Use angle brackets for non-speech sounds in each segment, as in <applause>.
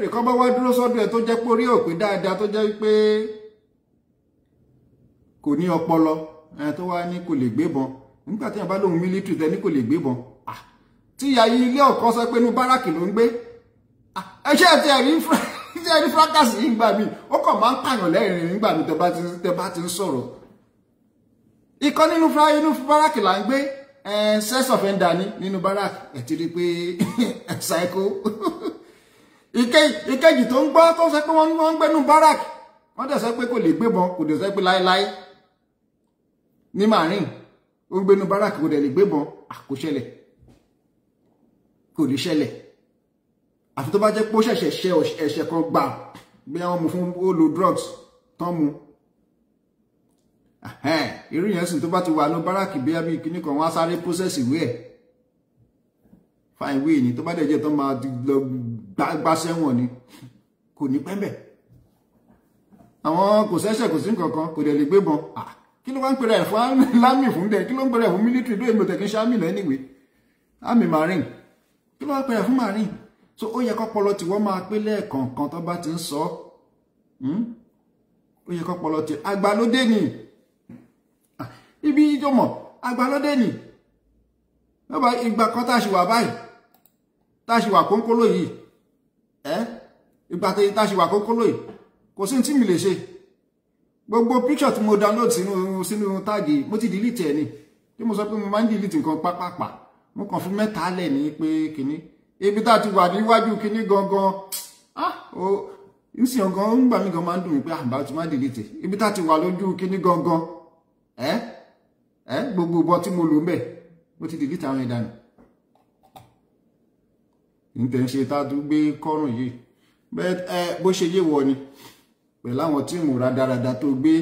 wèrè kan bá wá dúró sọ́dọ̀ ẹ̀ tó jẹ́ pé orí òpè dáadáa tó jẹ́ pé kò ní ọpọlọ ẹ̀ tó wá ní kò lè gbébọn nígbà tí wọ́n bá ní kò lè gbébọn tí ilé ọ̀kan sọ pé inú ló ń gbé ẹ ṣe ti ẹ̀rí ṣe ẹ̀rí fúrákàsì yìí gbà mí ó kàn nínú inú báràkì là ń gbé nínú báràkì ẹ̀ <laughs> <laughs> ìkejì tó ń gbọ́ tó sọ pé wọ́n ń gbẹ́nu barak wọ́n dẹ̀ sọ pé kò lè gbébọn kò dẹ̀ sọ pé láéláé ní Ni ó ń gbẹ́nu barak kò dẹ̀ lè gbébọn kò ṣẹlẹ̀ kò lè ṣẹlẹ̀ àfi tó bá jẹ́ pé ó ṣẹ̀ṣẹ̀ ṣe ẹ̀ṣẹ̀ kan gbà bí wọ́n mú fún ó lo drugs tán mu irú yẹn sìn tó bá ti wà ní báràkì bí abí kíní kan wá sáré process ìwé fine way ni tó bá dẹ̀ jẹ́ tó máa gbàgbà sẹ́wọ̀n ni kò ní pẹ́ńbẹ̀ àwọn kò sẹ́sẹ̀ kò sí nǹkankan kò dẹ̀ lè gbé bọn kí ló wá ń pèrè ẹ̀ fún lámì fún dẹ̀ kí ló ń pèrè ẹ̀ fún mílítírì lóye mọ̀tẹ̀ kí n ṣe ámì anyway ámì marine kí ló wá ń pèrè ẹ̀ fún marine so ó yẹ kọ́pọlọ tí wọ́n máa pé lẹ́ẹ̀kọ̀ọ̀kan tó bá ti ń sọ hmm? ó yẹ kọ́pọlọ tí àgbàlódé ni ibi ìjọmọ àgbàlódé ni ìgbà kan tá a ṣì wà báyìí tá a ṣì wà kónkóló yìí ẹ́ ìgbà tẹ́yìn tá a ṣe wà kókó lóyè kò sí tí mi lè ṣe gbogbo píṣọ̀ tí mo download sínú sínú táàgì mo ti delete ẹ̀ ni tí mo sọ pé mo máa ń delete nǹkan pápápá mo kàn fún mẹ́ta lẹ̀ ní pé kínní ibi tá a ti wà níwájú kínní gangan ah o nsìn ọgàn ń gbà mí gan máa ń dùn mí pé àbá ah, ti máa delete ibi tá a ti wà lójú kínní gangan ẹ ẹ gbogbo bọ tí mo lò ń bẹ mo ti delete àwọn ìdánù níta ń ṣe tátú gbé kọ́rùn yìí bó ṣe yé wọ ni pẹ̀lú àwọn tíìmù rádaràda tó gbé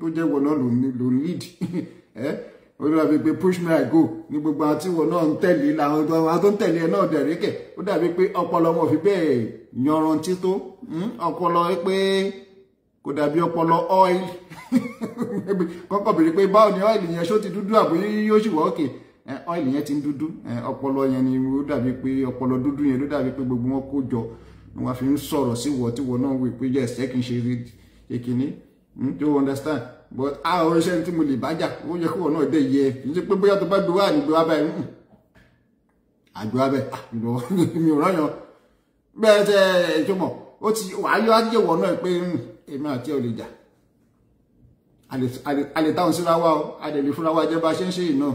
tó jẹ́ wọ náà ló ń lead <laughs> ó dàbí pé push me i go ní gbogbo àwọn tíìmù náà ń tẹ̀lé làwọn tó ń tẹ̀lé náà dẹ̀rẹ́ kẹ̀ ó dàbí pé ọpọlọ wọn fi bẹ́ẹ̀ yanrantí tó hmm, ọpọlọ pé kò dàbí ọpọlọ oil <laughs> kọ́kọ́ bèrè pé báwo ni oil yẹn ṣó ti dúdú àbí yóò ṣì wọ́ òkè. Okay ọ́ìlì yẹn ti ń dúdú ọpọlọ yẹn ni ó dàbí pé ọpọlọ dúdú yẹn ló dàbí pé gbogbo wọn kó jọ ni wọn fi ń sọ̀rọ̀ sí wọ tí wọn náà wò pé yes ẹ kì ṣe èkìní hmm, do you understand but àwọn iṣẹ́ tí mo lè bá jà ó yẹ kó wọn náà dé yẹ kì í ṣe pé bóyá tó bá gbé wá ní gbé wá báyìí àgbé hmm, wá bẹ́ẹ̀ ah, <laughs> mi ò ráyàn bẹ́ẹ̀ tẹ́ ẹ̀ tó mọ̀ ó ti wà á yọ àjẹwọ̀ náà pé hmm, èmi àti ẹ̀ lè jà a táwọn síra wa o a fúnra wa jẹ́ bá ṣe ń ṣe yìí náà.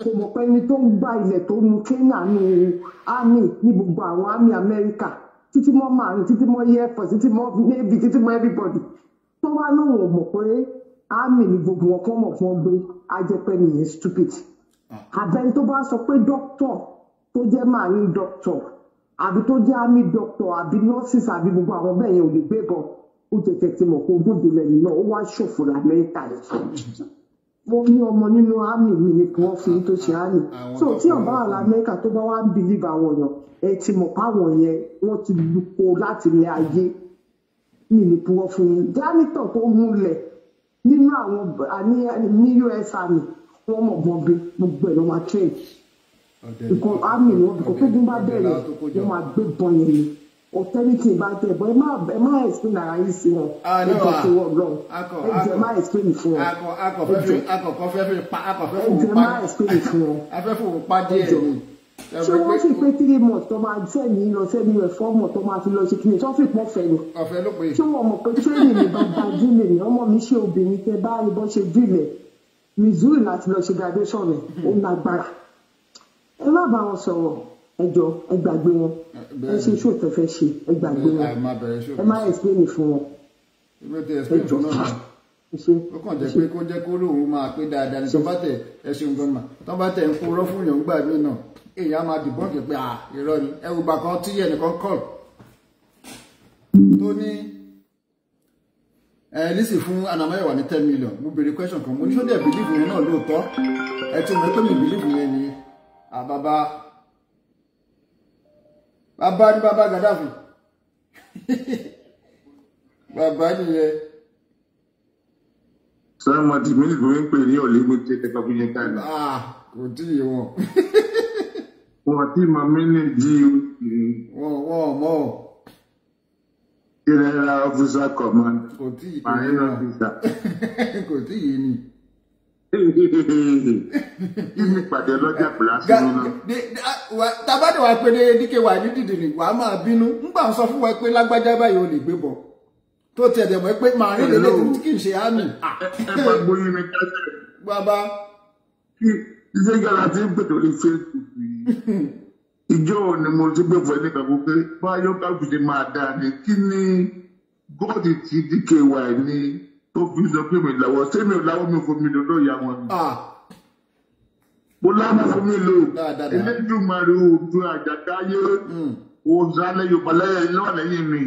kò mọ̀ pé ẹni tó ń gba ilẹ̀ tó nu kenya nu army ní gbogbo àwọn army Amẹ́ríkà títí mọ́ marine títí mọ́ air force títí mọ́ navy títí mọ́ everybody tó wá lóun ò mọ̀ pé army ni gbogbo wọn kọ́ mọ̀ fún ọ gbé ajẹpẹ́ nìyẹn stupid àbẹ́ni tó bá sọ pé dókítọ̀ tó jẹ́ marine doctor àbí tó jẹ́ army doctor àbí nurses àbí gbogbo àwọn bẹ́ẹ̀ yẹn ò lè gbé bọ̀ ó tètè ti mọ̀ pé ogún ìdílé náà ó wá ṣòfò lamẹ́ríkà yìí mo ọmọ nínú army mi ni kí wọ́n fi tó ṣe army so tí ọba àlà amẹ́ríkà tó bá wá ń believe àwọn èèyàn ẹ ti mọ̀ páwọn yẹn wọ́n ti lupo láti ilé ayé mi ni kí wọ́n fún yín jánítọ̀ tó múlẹ̀ nínú àwọn ní us army wọ́n mọ̀ bọ́m̀bé gbogbo ẹ̀ ló máa train nǹkan army ni wọ́n bí kò tó gún bá bẹ̀rẹ̀ wọ́n máa gbé bọ́n ni authority bá tẹ̀ bọ́ ẹ má ẹ má explain ara yín sí wọn ah, ẹ jọ tó wọ gbọ́ ẹ jẹ má explain fún wọn ẹ jẹ akọ̀fẹ́fẹ́ pa akọ̀fẹ́fẹ́ pa afẹ́fẹ́ pa díẹ̀ ni ṣé wọ́n sì pé three months tó máa jẹ́ ní lọ sẹ́ni rẹ̀ four months tó máa fi lọ sí kíni tó fi pọ̀ fẹ́ ni. ọ̀fẹ́ ló pè é. ṣé wọ́n mọ̀ pé tírénì mi bá gba dúlé ni ọmọ mi ṣe obìnrin tẹ bá rí bọ́ ṣe dúlé missouri láti lọ ṣe graduation rẹ̀ ó ń lágbára. ẹ má bá wọn sọ̀rọ̀ ẹjọ ẹ wọn ẹ ṣe iṣu ìtàn ṣe ẹ wọn ẹ explain fún wọn ẹjọ <laughs> ó kàn jẹ pé kó jẹ́ kó lóun máa pé dáadáa ní tó bá tẹ̀ mà ń kó rọ́fún yàn gbà mí náà èèyàn máa pé ẹ gbà tí fún ní ten million mo bèrè question kan mo ní sọ́dẹ̀ náà lóòótọ́ ẹ mi bàbá ní bàbá Gaddafi bàbá nìyẹn. sọ́yìn mọ́tì mílíkì mi ń pè ní ọ̀lẹ́gbẹ́ tí ẹ̀ka fún yẹn káàdì. Ah, kò tí ì wọ̀n. wọ́n ti mọ mílíkì yìí. wọ́n wọ́n mọ́ ọ. general officer command. kò tí ì yé ni. <laughs> kò tí ì yé ni kíni pàdé lọ́jà pìlásì lónà. tabade wa pe dike wa ní dìdìrì wàá máa bínú ńgbà sọ fún wa pé lágbájá báyìí o lè gbé bọ̀ tó tiẹ̀ dẹ̀ mọ́ pé màá rí lélẹ̀ tí kì í ṣe àmì. ẹ bá gbóyún mi kájẹ. bàbá. iṣẹ́ ìgbàlá ti ń pètò iṣẹ́ ìjọ ni mo ti gbé fún ẹnìkan kó pé báyọ̀ káfíńdé máa dáa ni kí ni gọ́ọ̀dì ti dike wa ní tó fi sọ pé mi làwọ̀ ṣé mi ò láwọ́ mi ò fomi lò lóòyà wọn ni. Ah. mo láwọ́ fomi lò Elédùmarè òdu àjàgà ayé òzàlẹ̀ hmm. Yorùbá lẹ́yìn iná lẹ́yìn mi.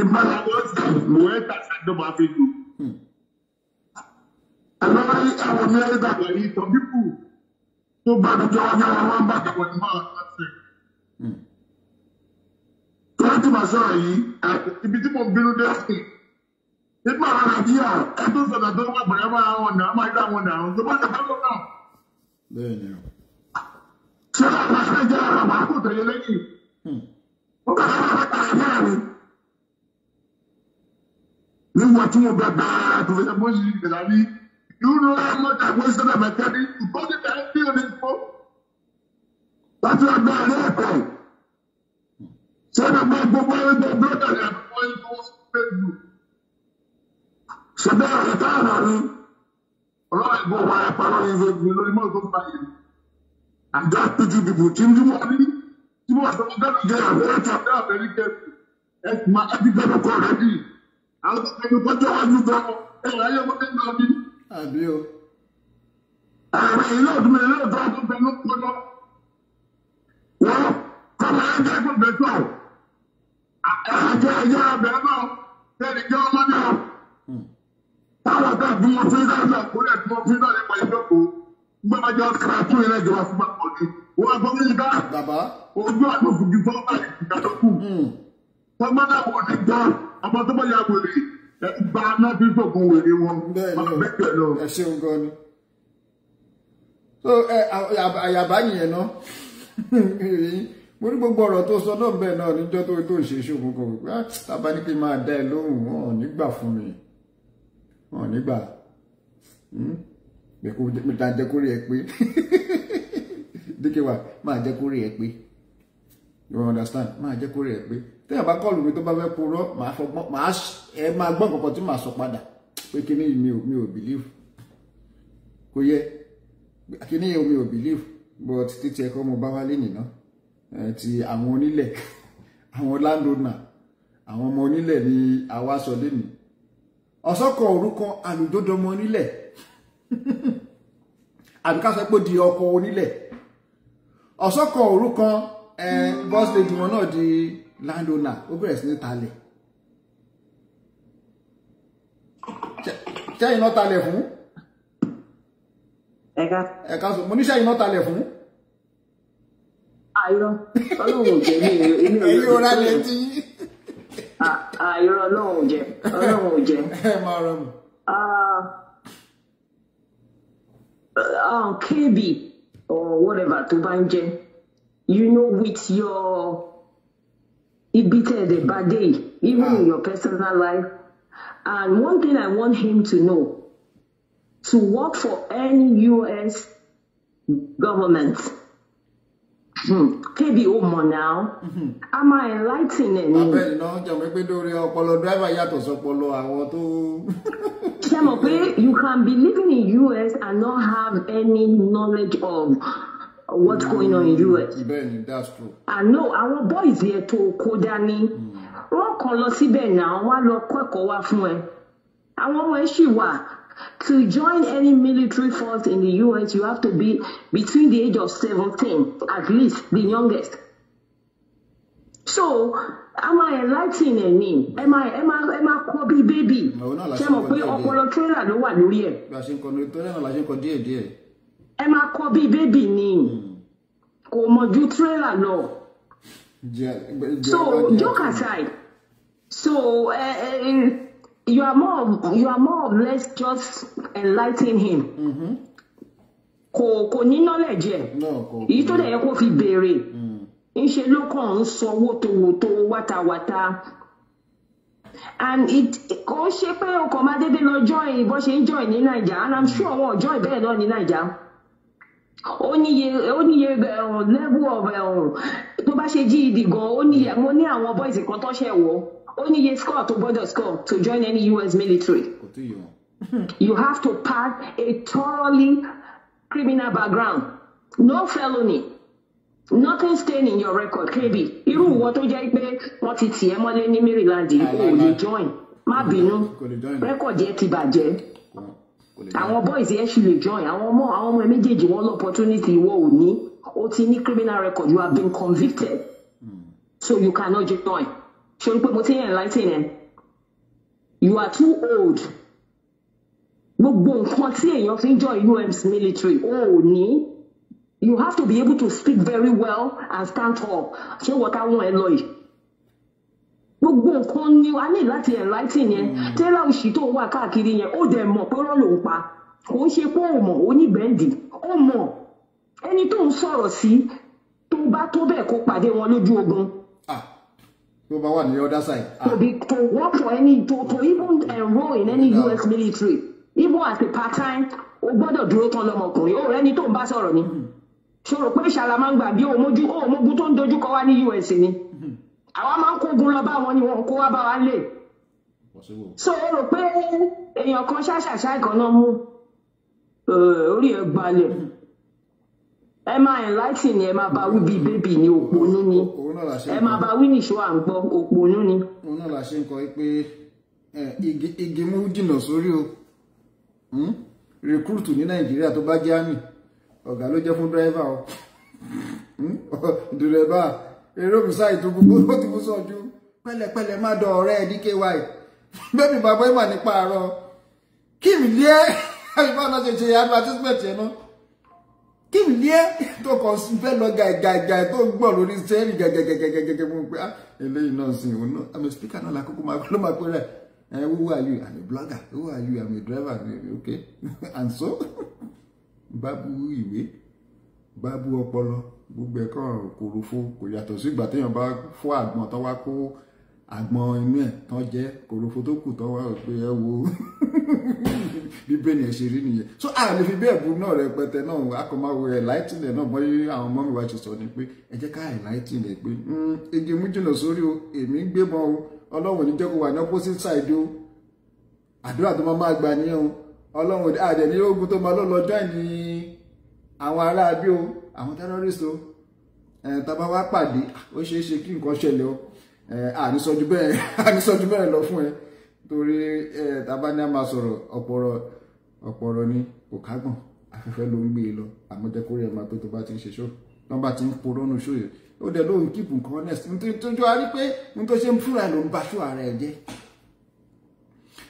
ìbára wọn sì lò ẹ́ tàṣà dọ́gba fi lò. Hmm. àlọ́ ní àwọn ní ẹ̀rí dàgbà yìí tọ́ pípù tó bá dúdú ọjọ́ wọn bá dàgbà ní máa ń sè tọ́jú màá sọ̀rọ̀ yìí ibi tí mo ń bínú dé sí i nínú àwọn nàìjíríà ẹtún sọ̀tà tó wà pẹ̀lú ẹ̀fọ́ àwọn ọ̀nà àmọ́ ẹ̀dá àwọn ọ̀nà àwọn gbogbo ẹ̀dá tó náà. bẹ́ẹ̀ni o. ṣé àwọn aṣáájú jẹ́ àwọn àwọn àkókò tẹ̀lé lẹ́yìn. ó hmm. bá wọn bá tàyè náà ni. níwọ̀n tí wọ́n bá bá tó fẹ́ bó ṣe ìgbà ní ìlú ọmọdé àwọn ìṣẹ̀lẹ̀ mẹ́ta ní ìkọ́ni tàyè bí o ní kó. láti ọgbà ilé ẹ̀kọ́ ṣé ẹ̀dá gbogbo ẹgbẹ́ bọ́ọ̀dà ni àbúkọ́ yìí tó wọ́n ṣẹ̀dá ẹ̀dá àná ni ọlọ́run ẹ̀gbọ́n wa ẹ̀pá lọ́yìn ìwé lórí mọ́ ìgbọ́n báyìí àjọ àpéjú dìbò tí ń dúró ní tí wọ́n sọ fún dábìjẹ́ àwọn ẹ̀tọ́ àbẹ́ àbẹ́rẹ́ kẹ́ẹ̀kì ẹ̀ máa ẹ̀dí gbẹ́dọ̀ kọ́ rẹ̀ dì àwọn ọ̀gbẹ́ni kọjọ́ wájú gan ẹ̀ ráyé wọlé náà bí. àbí o. ààrẹ ilé ọdún ilé ọdún ọdún bẹ ló kọjọ wọn kọlá ẹgbẹ gbọgbẹ tó àjọ ẹyẹ abẹ náà tẹnìjọ ọmọ náà. Hmm àwọn kan bí wọn fi dáná àkúrẹ́ bí wọn fi dáná nípa ìjókòó gbọ́dọ̀ ká tó ilé ìjọba fún bàbá ọdún wọn gbọ́ mi dá ojú àdókù ju fún bàbá ìgbà tó kù wọn gbọ́dọ̀ àwọn ọdún gbọ́ ọmọ tó bá yà wèrè ìgbà náà fi sọ̀kun wèrè wọn bẹ́ẹ̀ lọ. ẹ ṣeun gan ni so àyàbá nìyẹn náà mo ní gbogbo ọ̀rọ̀ tó sọ náà bẹ́ẹ̀ náà níjọ́ tó tó ń ṣe ṣòkòkò tábà ní kí máa dá ẹ lóhùn ọ̀ nígbà fún mi wọn nígbà bẹ̀kú hmm? mẹ́ta jẹ́kúrì ẹ pé <laughs> dékèwà máa jẹ́kúrì ẹ pé you understand máa jẹ́kúrì ẹ pé tẹ́yà bá kọ́ọ̀lù mi tó bá fẹ́ purọ́ màá fọgbọ́n màá ẹ máa gbọ́n kankan tí màá sọ padà pé kí ni mi ò mi ò believe kò yẹ kí ni mi ò believe but títí ẹ̀kọ́ mo bá wálé nìyẹn ti àwọn onílẹ̀ <laughs> àwọn landowner àwọn ọmọ onílẹ̀ ni àwa sọ lẹ́nìí ọ̀sọ́kọ̀ òrukàn àlùjọdọmọ nílẹ̀ <laughs> àbí ká sọ pé di ọkọ onílẹ̀ ọ̀sọ́kọ̀ òrukàn bus lady wọn náà di landowner ó bẹ̀rẹ̀ sí ní talẹ̀ ṣẹ́yìn náà talẹ̀ fún ẹ̀ka sọ mo ní ṣẹ́yìn náà talẹ̀ fún. ayọ̀ ọlọ́run ò jẹ́ mi èmi ò rẹ̀ tó. Ah, ah, you're alone, ọlọ́run Alone, jẹ́. Hey, máa Ah, mi. Ah, kb or whatever tó bá ń you know with your ibi tẹ̀ dẹ̀ bá dé even ah. in your personal life and one thing I want him to know to work for any US government. Hmm. KBO mọ̀ náà. Mm-hmm. A máa enlightening ẹ̀ ni. Abẹ́rẹ́ náà jọ̀mọ́ pé lórí ọpọlọ dráìvà yàtọ̀ sọpọlọ àwọn tó. <laughs> Ṣé mọ̀ pé you can be living in US and not have any knowledge of what's going on in mm, US? Bẹ́ẹ̀ni, that's true. Àná àwọn boys yẹn tó kó dání. Mm. Wọ́n kàn lọ síbẹ̀ náà, wọ́n á lọ kọ́ ẹ̀kọ́ wá fún ẹ. Àwọn ọmọ ẹ ṣì wà. To join any military force in the US, you have to be between the age of 17, at least the youngest. So, am I enlightening me? Am I, am I, am I Kobe baby? Ṣé mo pé ọpọlọ tírélà ló wà lórí ẹ̀? Bí a ṣe ń kọ tírélà la Kobe baby ni, Come hmm. on, ju tírélà lọ. So, joke aside, so, uh, uh, you are more of, you are more or less just enlightening him. Mm-hmm. kò kò ní knowledge ẹ èyí tó dẹ̀ yẹ kó fi béèrè mm. ńṣe ló kàn ń sọ wótòwótò wátawàta and it kò ṣe pé o kàn máa dédé lọ join bó ṣe ń join ní naija and i'm sure wọn ò join bẹ́ẹ̀ náà ní naija ó níye ó níye um, level of um, tó bá ṣe GED gan ó níye mo ní àwọn boys kan tó ṣẹ̀ wọ́. Only ní iye score tó gbọ́dọ̀ score to join any US military. <laughs> you have to pass a thoroughly criminal background no felony nothing stain in your record kb irú ìwọ to jẹ́ pé wọ́n ti tì ẹ́ mọ́lé ní maryland yìí kò lè join má bínú rẹ́kọ̀dì ẹ ti bàjẹ́ àwọn boys yẹn ṣì lè join àwọn ọmọ àwọn ọmọ méjèèjì wọn lọ opportunity ìwọ ò ní o ti ní criminal record you have been convicted hmm. so you cannot join ṣe pé mo ti ń enlighten ẹ you are too old gbogbo nǹkan tí èèyàn fi ń jọ UM's military ò ní you have to be able to speak very well and stand tall ṣé wọ́n ká wọ́n ẹ lọ yìí gbogbo nǹkan ni a ní láti enlighten yẹn hmm. tẹ́lá oṣù tó wà káàkiri yẹn ó dẹ̀ mọ̀ pé rọ́ ló ń pa kò ń ṣe pé ó mọ̀ ó ní bẹ́ǹdì ó mọ̀ ẹni tó ń sọ̀rọ̀ sí tó bá tó bẹ́ẹ̀ kó pàdé wọn lójú ogun tó bá wà other side. Ah. to be to work for any to to even enroll in any yeah. US military even as a part time o gbọ́dọ̀ dúró tán lọ́mọkùnrin o rẹ́ni tó ń bá sọ̀rọ̀ ni hmm. ṣòro pé ṣàlàmágbà bí òmójú òmógún tó ń dojúkọ wá ní US ni hmm. àwa máa ń kógun lọ bá wọn ni wọn kó wá bá wa lè so o rò pé èèyàn kan ṣàṣàṣà ìkànnà mú eh, orí ẹ̀ gbalẹ̀. Hmm ẹ máa enlighten ni ẹ máa bá wí bíi bébì ni òpònú ni ẹ máa bá wí nìṣó à ń gbọ́ òpònú ni. òun náà la ṣe ń kọ pé igi mú jìnnà sórí o hmm? rìkúrùtù ní nàìjíríà tó bá jẹ́ àmì ọ̀gá ló jẹ́ fún dírẹ́fà o hmm? dírẹ́fà eré òmùsá ìtòkù gbogbo ti mú sọ́jú pẹ̀lẹ́pẹ̀lẹ́ má dọ̀ ọ̀rẹ́ ẹ̀ ní ky bẹ́ẹ̀ni bàbá ẹ̀ mà nípa àárọ̀ kí ìrìlẹ̀ ẹ̀ bá náà ṣe ṣe advertisement yẹn náà kí n lé tó kàn sí fẹ́ lọ gàgàgà tó gbọ́ lórí sẹ́yìn gàgàgàgàgàgà mo pé ah eléyìí náà sìn òun náà àmì spíkà náà lákòókò máa ló máa pé rẹ̀ ẹ who are you I'm a blogger who are you I'm a driver okay <laughs> and so bábú ìwé bábú ọpọlọ gbogbo ẹ̀kọ́ kòròfo kò yàtọ̀ sí ìgbà téèyàn bá fọ́ àgbọn tó wá kó àgbọn inú ẹ̀ tán jẹ́ kòròfo tó kù tán wá pé ẹ wo bí bẹ́ẹ̀ni ẹ̀ ṣe rí nìyẹn so a lè fi bẹ́ẹ̀ bu náà rẹpẹtẹ náà akọ̀máwo ẹ̀ láìtìlẹ̀ náà bọ́n yí àwọn ọmọ mi wá ti sọ ni pé ẹ jẹ́ ká ẹ̀ láìtìlẹ̀ pé hmm, igi mú jìnnà sórí o èmi ń gbé mọ́ o ọlọ́run ní jẹ́ kó wà ní opposite side o àdúrà tó máa máa gbà ní o ọlọ́run àdẹ̀ ní ogun tó máa lọ́lọ́ join ní àwọn ará abí o àwọn terrorist o ẹ̀ tá a bá wá pàdé ah, ó ṣeé ṣe kí nǹkan ṣẹlẹ̀ àníṣọ́jú bẹ́ẹ̀ àníṣọ́jú <laughs> bẹ́ẹ̀ lọ fún ẹ torí tabani a máa sọ̀rọ̀ ọ̀pọ̀rọ̀ ọ̀pọ̀rọ̀ ni kò kágbọ̀n afẹ́fẹ́ ló ń gbé e lọ àmọ́ jẹ́ kórè ẹ̀ máa pé tó bá ti ń ṣe ṣó nọ́mbà ti ń porónú ṣó yìí ó dẹ̀ lóun keep nǹkan honest nítorí a rí pé ní tó ṣe ń fúnra ló ń ba ṣó ara ẹ̀ jẹ́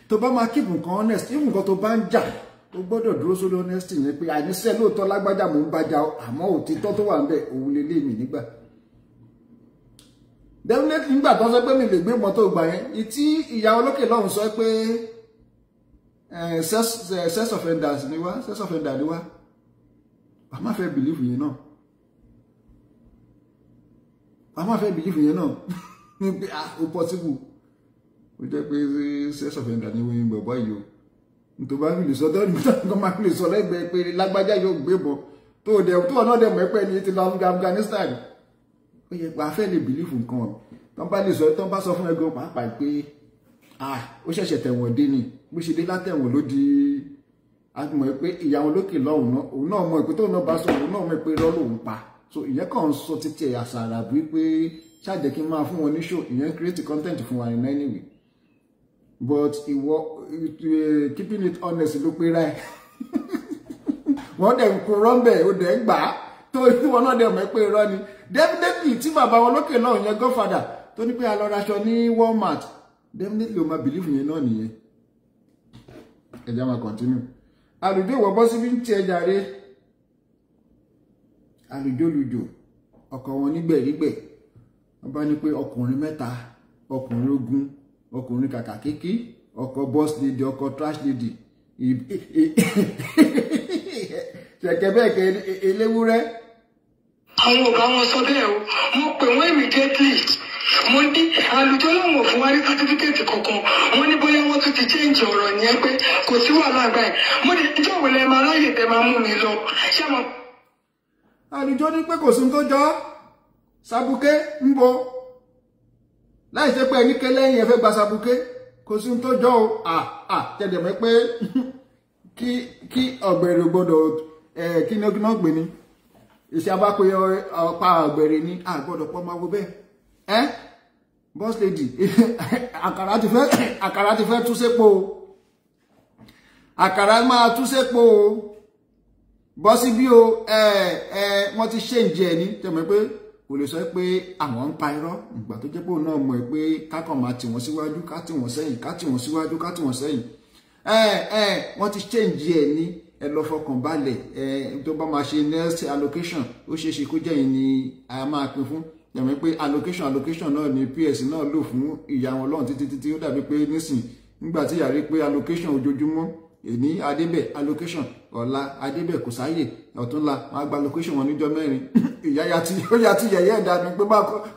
tó bá máa keep nǹkan honest even nǹkan tó bá ń jà ó gbọ́dọ̀ dúró sórí honesty yẹn pé àníṣe lóòótọ́ lágbájá mò ń bàjá àmọ́ òtítọ́ tó wà ń bẹ̀ òun lè nígbà definitely nígbà tó ń sọ pé mi lè gbé mọ́tò gbà yẹn ìtí ìyá olókè lọ́hùn sọ pé eh, eh, sex offenders ni wá sex offender ni wá a máa fẹ́ bìlífù yẹn náà a máa fẹ́ bìlífù yẹn náà ní <laughs> pé ah o possible ó jẹ́ pé eh, sex offender ni wọ́n bọ̀bọ̀ yìí o nítorí wọ́n fi lè sọ dọ́ọ̀nù tó máa fi lè sọ lẹ́gbẹ̀ẹ́ pé lágbájá yóò gbé bọ̀ tó o náà dẹ̀ mọ́ ẹ pẹ́ ni ti lọ Afghanistan ó yẹ pé afẹ́ lè bìlífù nǹkan tán bá lè sọ tán bá sọ fún ẹgbẹ́ pàápàá pé ah, ó ṣẹ̀ṣẹ̀ tẹ̀wọ̀n dé ni bó ṣe dé látẹ̀wọ̀n ló di àmọ̀ pé ìyàwó lókè lọ́hùn náà òun náà mọ̀ pé tóun náà bá sọ òun náà mọ̀ pé irọ́ lòun pa so ìyẹn kàn ń sọ títí ẹ̀yà sàrà wípé ṣáàjẹ́ kí n máa fún wọn ní show ìyẹn create content fún wa in any way but ìwọ eh, keeping it honest ló pé ra ẹ <laughs> wọ́n dẹ̀ ń kú rọ́ńbẹ̀ ó dẹ̀ ń gbà á tó ìwọ náà dẹ̀ mọ̀ pé irọ́ ni definitely tí bàbá wọn lókè náà yẹn godfather tó ní pé a lọ raṣọ ní Walmart definitely o máa believe yẹn náà nìyẹn ẹ máa continue àlùjọ ìwọ bọ́ síbi ń tiẹ̀ jàre àlùjọ ọkọ wọn nígbẹ̀rígbẹ̀ wọ́n bá ní pé ọkùnrin ogun ọkùnrin kàkà kékeré ọkọ bus lady ọkọ trash lady kẹ̀kẹ́ bẹ́ẹ̀ kẹ́ àwọn ò bá wọn sọ bẹ́ẹ̀ o mo pè wọ́n immediately mo ní àlùjọ làwọn fún wa ní sátífíkẹ́ẹ̀tì kankan wọ́n ní bóyá wọ́n tún ti change ọ̀rọ̀ yẹn pé kò sí wàhálà àgbà ẹ̀ mo ní ìjọ wo lẹ máa ráyè tẹ máa mú mi lọ ṣé mo. àlùjọ ní pé kò sí tó jọ sàbùkẹ́ ń bo láì ṣe pé ẹni kẹlẹ́yìn ẹ fẹ́ gba sàbùkẹ́ kò sí tó jọ o à tẹ̀lé mọ́ pé <laughs> kí ọ̀gbẹ̀rẹ̀ gbọ́dọ̀ kí ni èsì abápẹ́ ọ̀pá àgbẹ̀rẹ̀ ni àgbọ̀dọ̀ pọ̀ máa wo bẹ́ẹ̀ ẹ́ boss lady <laughs> àkàrà ti fẹ́ <coughs> àkàrà ti fẹ́ tú sépo o àkàrà máa tú sépo o bọ́sí bí o ẹ ẹ wọ́n ti ṣe ǹjẹ́ ni tẹ̀mọ̀ pé kò lè sọ pé àwọn ń pa irọ́ ìgbà tó jẹ́ pé òun náà mọ̀ pé kákan máa tì wọ́n síwájú ká tì wọ́n sẹ́yìn ká tì wọ́n síwájú ká tì wọ́n sẹ́yìn ẹ ẹ wọ́n ti ṣe ǹjẹ́ ni ẹ lọ fọkàn balẹ̀ ẹ tó bá máa ṣe next allocation ó ṣeé ṣe kó jẹ́ yìí ni a máa pín fún yàmí pé allocation allocation náà ni PS náà lò fún ìyá wọn lọ́run títí títí ó dàbí pé nísìn nígbà tí yàrá pé allocation ojoojúmọ́ èní adébẹ̀ allocation ọ̀la adébẹ̀ kò sáyè ọ̀túnla máa gba allocation wọn níjọ́ mẹ́rin <coughs> ìyá yàtí ó yàtí yẹ̀yẹ́ ẹ̀dá mi pé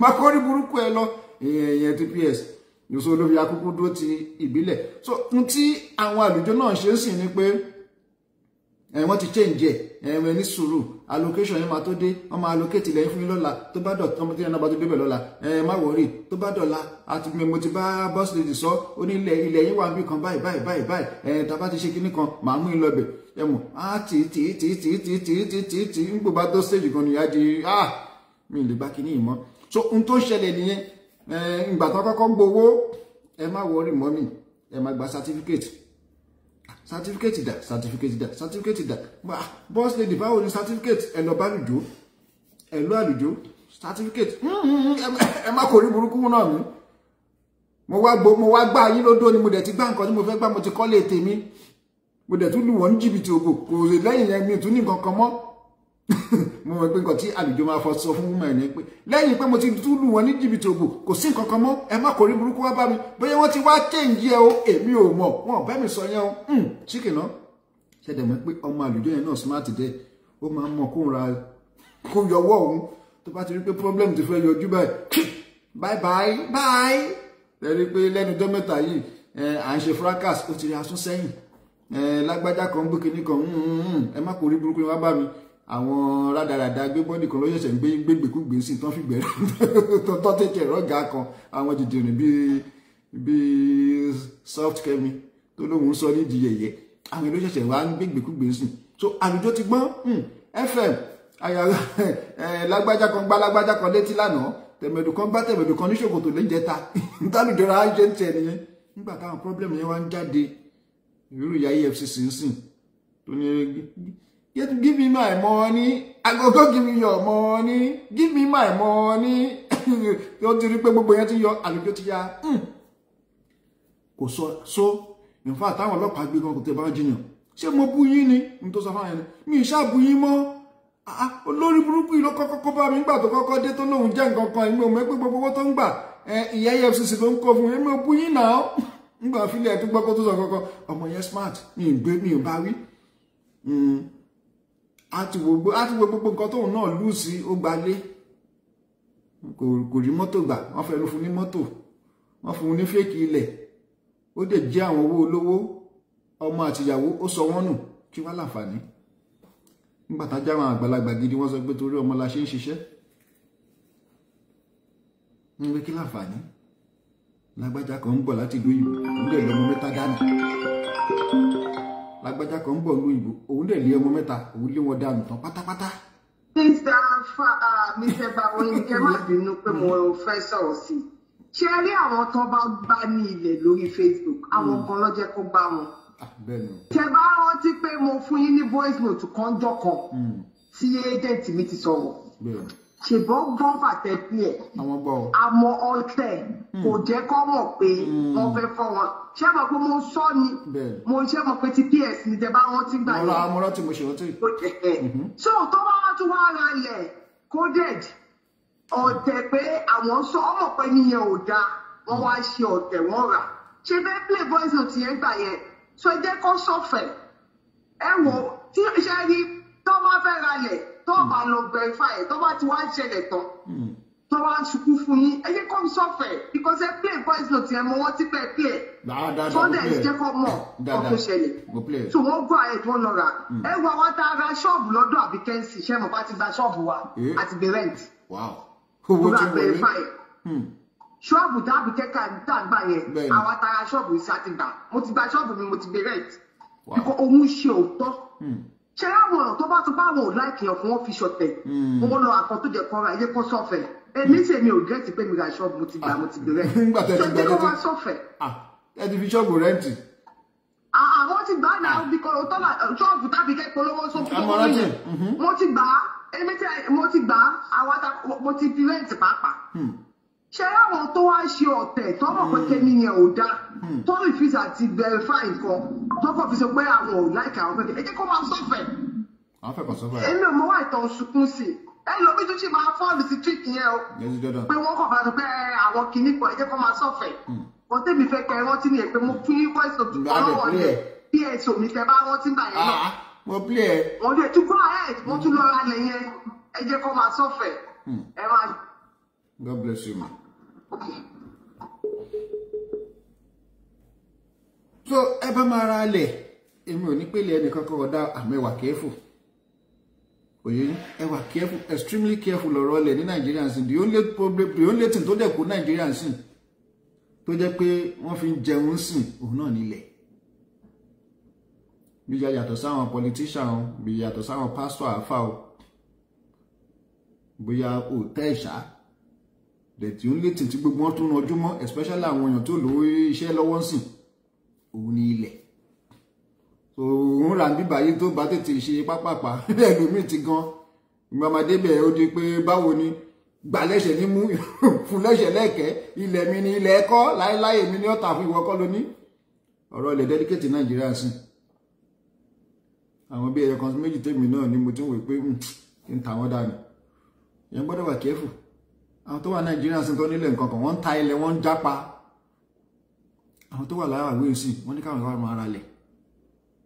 má kọ́ rí burúkú ẹ lọ ìyẹn ti PS yòóso olórí akúkú dúró ti ìbílẹ̀ so n tí àwọn àlùjọ náà ṣe ń sìn ni pé Eh, wọ́n ti change ẹ̀ ẹ̀wọ̀n eh, ní sùúrù allocation yẹn máa tó dé wọ́n máa allocate ilẹ̀ fún yín lọ́la tó bá dọ̀ tọ́mọ tí yẹn náà bá tó débẹ̀ lọ́la ẹ̀ eh, má wọ̀rí tó bá dọ̀la àti mo ti bá boss lady sọ ó ní ilẹ̀ ilẹ̀ yín wà níbi kan báyìí báyìí báyìí báyìí ẹ̀ tá a bá ti ṣe kinní kan màá mú yín lọ bẹ̀ ẹ̀ mọ̀ á tì tì tì tì tì tì tì tì tì ń gbò bá tó stage kan nìyá di ah mi ì lè bá kinní yìí mọ́ so ohun tó ṣẹlẹ̀ nìyẹn ìgbà tó kọ́kọ́ gbowó ẹ má wọrí mọ́mì ẹ má gba certificate certificate da, certificate da, certificate da. dà boss lady báwo ni certificate ẹ lọ bá àlùjọ ẹ lọ àlùjọ certificate hmm, ẹ má kò rí burúkú náà mi mo wá gbọ́ mo wá gbá yín lódó ni mo dẹ̀ ti gbá nǹkan tí mo fẹ́ gbá mo ti kọ́lé tèmi mo dẹ̀ tún lù wọ́n ní jìbìtì ògo kò lẹ́yìn yẹn mi ò tún ní nǹkan kan mọ́. <laughs> mo mọ̀ pé nǹkan tí àlùjọ máa fọ sọ fún wúmọ̀ ẹ̀ ní pé lẹ́yìn pé mo ti tún lù wọ́n ní jìbìtì ògùn kò sí nǹkan kan mọ́ ẹ má kò rí burúkú wá bá mi bóyá wọ́n ti wá kéǹjì ẹ o èmi ò mọ̀ wọn ò mi sọ yẹn o hmm, chicken náà ṣẹ̀dẹ̀ mọ́ pé ọmọ àlùjọ yẹn náà smart dẹ́ ó máa ń mọ kó ra kó yọwọ́ òun tó bá ti rí pé problem ti fẹ́ yọjú báyìí bye bye bye ẹ rí i pé lẹ́nu ọjọ́ mẹ́ta yìí à ń ṣe fracas ó ti rí asún sẹ́yìn lágbájá kan gbé kinní kan hmm, hmm, ẹ má kò rí burúkú yẹn wá bá mi àwọn rádaràda gbébọ́ndì kan ló ṣẹ̀ṣẹ̀ ń gbégbèkúgbè sí tán fìgbẹ́rẹ́ <laughs> tán tẹ̀kẹ̀ rọ́gà kan àwọn jìjìrìn bíi soft kemi tó lóun sọ nídìí yẹ̀yẹ́ àwọn èlò ṣẹ̀ṣẹ̀ wá ń gbégbèkúgbè sí so àlùjọ ti gbọ́n hmm. fm ayọ̀ <laughs> eh, lágbájá kan gbá lágbájá kan létí lánàá tẹ̀mẹ̀dù kan gbá tẹ̀mẹ̀dù kan ní ṣòkòtò lẹ́jẹta ntàlùjọra <laughs> ṣe ń tẹ̀ nìyẹn nígbà táwọn pọ́blẹ́mù yẹn wá ń jáde ìrú ìyá efcc ń sìn tó ní Get, give me my money. I go go give me your money. Give me my money. <laughs> Yóò ti rí pé gbogbo yẹn ti yọ àlùjọ ti ya. Hmm. Kò sọ so in fact táwọn ọlọ́pàá gbé gan kò tẹ̀ bá jiyàn. Ṣé mo bú yín ni? N tó sọ fún àyẹ̀ni. Mi ì ṣáà bú yín mọ́. Ah, ah, olórí burúkú yìí ló kọ́kọ́ kó bá mi nígbà tó kọ́kọ́ dé tó lóun jẹ́ nǹkan kan ìmọ̀ pé gbogbo owó tó ń gbà ìyá EFCC tó ń kó fún mi. Èmi ò bú yín náà. <laughs> Nígbà fílẹ̀ tó gbọ́ kó tó sọ kọ́kọ́ ọmọ yẹn smart mi ì gbé mi ì bá wí. Hmm àti wo gbogbo nǹkan tóun náà lù sí ó gbalé kò rí mọ́tò gbà wọ́n fẹ́ẹ́ fún ní mọ́tò wọ́n fún un ní fèkì ilẹ̀ ó dẹ̀ jẹ́ àwọn owó olówó ọmọ àtìyàwó ó sọ wọ́n nù kí wá láǹfààní nígbà tá a jáwọn àgbàlagbà gidi wọ́n sọ pé torí ọmọ la ṣe ń ṣiṣẹ́ ń gbé kí láǹfààní lágbájá kan ń bọ̀ láti ìlú òyìnbó ń dẹ̀ lọ́mọ mẹ́ta dání lágbájá kan ń bọ̀ ní òyìnbó òun dẹ̀ lé ọmọ mẹ́ta òun lé wọn dànù tán mr fa mr bawoyinke má bínú pé mo mm. fẹ́ sọ̀rọ̀ sí i ṣé rí àwọn tó bá bá ní ilẹ̀ lórí facebook àwọn mm. kan ló jẹ́ kó bá wọn. tẹ ah, bá rántí pé mo fún yín ní voice note kan jọ kan mm. tí agent mi ti sọ̀rọ̀ ṣèbọn gbọn fàtẹ díẹ àmọ́ ọ̀tẹ̀ kò hmm. jẹ́ kó mọ̀ pé hmm. wọ́n fẹ́ fọ́ wọn ṣé mo pé mo sọ ni mo ṣe mo pé ti ps ni tẹ bá wọn ti gbà yẹn. mo ra mo rántí mo ṣe rántí. Mhm. so tó bá wá tún wá ra ilẹ̀ coded ọ̀tẹ̀ pé àwọn sọ ọmọ pé nìyẹn ò dáa wọ́n wá ṣe ọ̀tẹ̀ wọ́n rà ṣe fẹ́ play voice note yẹn gbà yẹn so ẹ jẹ́ kó sọ̀fẹ̀ ẹ wò tí ṣe rí tó bá fẹ́ ra ilẹ̀ tó hmm. bá lọ gbẹ̀fà ẹ̀ tó bá ti wá ṣẹlẹ̀ tán hmm. tó wá ṣubú fún yín ẹ yẹ kó n sọfẹ̀ because ẹ play voice note yẹn mọ wọn ti pẹ́ play sunday ẹ jẹ́ kó mọ̀ ọkùn ṣẹlẹ̀ so wọ́n gbọ́ ẹ̀ tó lọ rà hmm. ẹ wọ àwọn tá a ra ṣọ́ọ̀bù lọ́dọ̀ àbíkẹ́ǹsì ṣé mo bá ti gba ṣọ́ọ̀bù wa eh? àti the rent ìwà gbẹ̀fà ẹ̀ ṣọ́ọ̀bù tá àbíkẹ́kà tá a gbà yẹn àwọn atara ṣọ́ọ̀bù yìí sí àti gbà mo ti gba ṣọ́ọ̀bù mi mo ti the rent òun ṣe òótọ́ ṣé àwọn ọ̀rọ̀ tó bá tún bá wọn ò láìkì ọ̀fun wọn fi ṣọ̀tẹ̀ hmm. owó lọ àkàn tó jẹ kọ́ra ilé kó sọ̀fẹ̀ èmi ṣe mi ò gẹ́tì pé mi ra ṣọ́ọ̀bù mo ti gbà mo ti bẹ̀rẹ̀ <laughs> ṣé kí ló wá sọ̀fẹ̀. Ah, ẹ ti fi ṣọ́ọ̀bù rẹ́ǹtì. àwọn ti gbà náà ah. bí kọ́ ọ tọ́lá ṣọ́ọ̀bù tàbí kẹ́kọ̀ọ́ lọ́wọ́ sókè mo ti gbà èmi tí mo ti gbà àwọn mo ti fi rẹ́ǹtì pàápàá. Hmm ṣé àwọn tó wá ṣe ọ̀tẹ̀ tó mọ̀ pé kẹ́mi yẹn ò dáa tó refuse àti verify nǹkan tó kàn fi sọ pé àwọn ò láìka àwọn pẹ̀lú ẹ jẹ́ kó máa sọ̀fẹ̀. àwọn fẹ́ kàn sọ́fẹ̀. èmi ò mọ ìtàn sunkún sí ẹ lọ bí tuntun máa fọ́ọ̀lù sí tweet yẹn o pé wọ́n kàn bá sọ pé àwọn kìíní kan ẹ jẹ́ kó máa sọ̀fẹ̀ hmm. kò tẹ́mi fẹ́ kẹ́ rántí nìyẹn pé mo God bless you, man so ẹ bá máa ra alẹ̀ èmi ò ní pélé ẹnìkan kan ọ̀dà àmọ́ ẹ wà òye ẹ wà careful extremely careful lọ́rọ̀ ilẹ̀ ní Nigerian sin the only problem the only thing tó dẹ̀ kó Nigerian sin tó jẹ́ pé wọ́n fi ń jẹun sìn òun náà nílẹ̀ bí yàtọ̀ sáwọn politician o bí yàtọ̀ sáwọn pastor àáfà o bóyá òtẹ́ ìṣá dẹ̀tí ó ń létí tí gbogbo wọn tó ń rọjú mọ́ especially àwọn èèyàn tó lówó iṣẹ́ lọ́wọ́ ń sìn òun ni ilẹ̀ so òun rà ń bíbà yìí tó bá tètè ṣe pápápá <laughs> ẹlòmíì ti gan ìgbà máa débẹ̀ ó di pé báwo ni gbà lẹ́sẹ̀ ní mú <laughs> fún lẹ́sẹ̀ lẹ́ẹ̀kẹ́ ilẹ̀ mi ni ilẹ̀ ẹ̀kọ́ láéláé mi ni ọ̀tà fún ìwọ kọ́ lóní ọ̀rọ̀ ilẹ̀ dẹ́díkẹ́tì nàìjíríà sí àwọn bí ẹyọ kan méjì tèmi náà ni mo ti ń wò pé ń ta wọn dànù ìyẹn gbọ́dọ̀ wà kẹ́fù àwọn tó wà nàìjíríà sí tó nílẹ̀ nǹkan kan wọ́n ń ta ilẹ̀ wọ́n ń jápa àwọn tó wà láyà wíwì sí wọ́n ní káwọn ìwà máa ra lẹ̀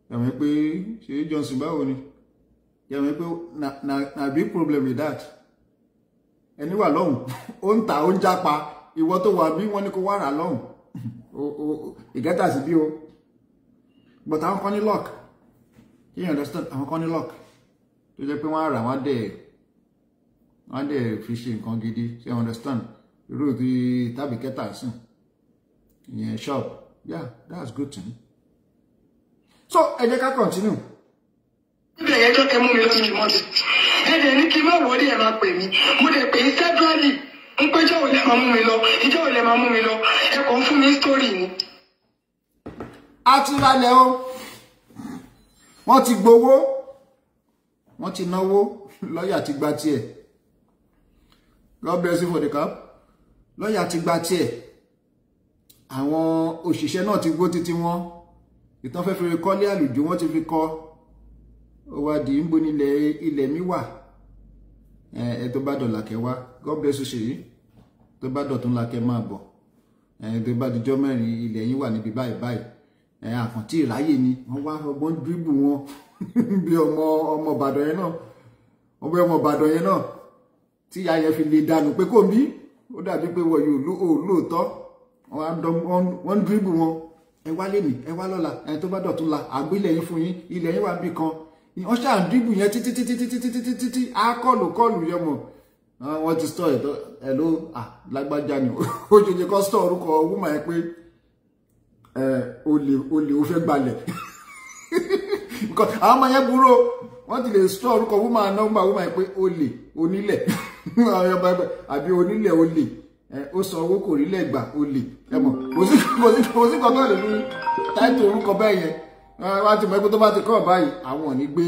yàmẹ́ pé ṣe Johnson báwo ni yàmẹ́ pé na big problem with that ẹni wà lọ́hùn <laughs> ó ń ta ó ń jápa ìwọ tó wà bí wọ́n ní kó wà rà lọ́hùn ìgẹ́tà sí bí o but àwọn kan ní lock you understand àwọn kan ní lock tó jẹ́ pé wọ́n á rà wọ́n á dẹ̀ ẹ̀ wọ́n á dẹ̀ fi ṣe nǹkan gidi ṣe understand irú ti tàbí kẹta sìn ìyẹn shop yeah that's good thing. so ẹ jẹ́ ká continue. níbẹ̀ yẹn tó tẹ mú mi ó ti fi ẹ dẹ̀ ní kí n má wọlé ẹ̀ máa pè mí mo dẹ̀ pè é sẹ́dúrálì ń pé ìjọ́ òlẹ̀ máa mú mi lọ ìjọ́ òlẹ̀ máa mú mi lọ ẹ kàn fún mi sítórì ni. a ti ralẹ̀ o wọ́n ti gbowó wọ́n ti náwó lọ́ọ̀yà ti gba tiẹ̀. God bless you for the cup lọ́ọ̀yà ti gba tiẹ̀ àwọn òṣìṣẹ́ náà ti gbó títí wọn ìtàn fẹ́ fi kọ́lé àlùjò wọ́n ti fi kọ́ ó wá di ńbo nílẹ̀ ilẹ̀ mi wà ẹ tó bá dọ̀là kẹ wá God bless you ṣèyí tó bá dọ̀tún la kẹ máa bọ̀ ẹ tó bá dijọ́ mẹ́rin ilẹ̀ yín wà níbi báyìí báyìí ẹ àkàntì ìráyè ni wọ́n wá ọgbọ́n dírìbù wọn <laughs> bí ọmọ ọmọ Ìbàdàn yẹn náà ọmọ Ìbàdàn yẹn náà tí ìyá yẹn fi lè dànù pé kò bí ó dàbí pé wọ yóò lóòótọ́ wọ́n ń dírìbù wọn ẹ wá lè nì ẹ wá lọ́la ẹ tó bá dọ̀tún la àgbélẹ̀ yín fún yín ilẹ̀ yín wà bí kan wọ́n ṣáà ń dírìbù yẹn títí títí títí títí títí títí á kọlù kọlù yẹn mọ̀ ah, wọ́n ti stọ̀ ẹ̀ ẹ̀ ló lágbájá ni <laughs> ó jẹjẹ kọ́ stọ̀ orúkọ wúmà yẹn pé olè olè ó fẹ́ gbalẹ̀ <laughs> àwọn ọmọ yẹn burú wọ́n ti lè stọ̀ orúkọ wúmà nọ́mbà wúmà yẹn pé olè onílẹ̀. <laughs> <laughs> àbí onílẹ̀ olè ó san owó kò rílẹ̀ gbà olè ẹ̀mọ̀ kò sí kọ́kọ́ lè ní táìtò orúkọ bẹ́ẹ̀ yẹn wá ti mọ̀ pé tó bá ti kọ́ báyìí àwọn ò ní gbé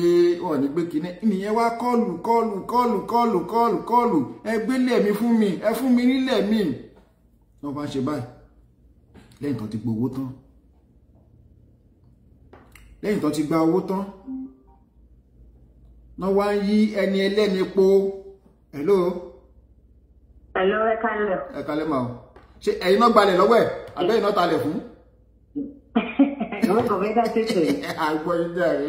ò ní gbé kinní nìyẹn wá kọ́ọ̀lù kọ́ọ̀lù kọ́ọ̀lù kọ́ọ̀lù kọ́ọ̀lù kọ́ọ̀lù ẹ gbélé mi fún mi ẹ fún mi nílẹ̀ mi wọ́n bá ṣe báyìí lẹ́yìn tó ti gbowó tán lẹ́yìn tó ti gba owó tán wọ́n wá ń yí ẹni ẹlẹ́ni po hello. hello ẹ kálẹ̀. ẹ kálẹ̀ mà o ṣé ẹ̀yin náà gbalẹ̀ lọ́wọ́ ẹ̀ abẹ́ iná talẹ̀ fún. àwọn kò fẹ́ dá tètè. àgbọ̀ <laughs> yín jàre.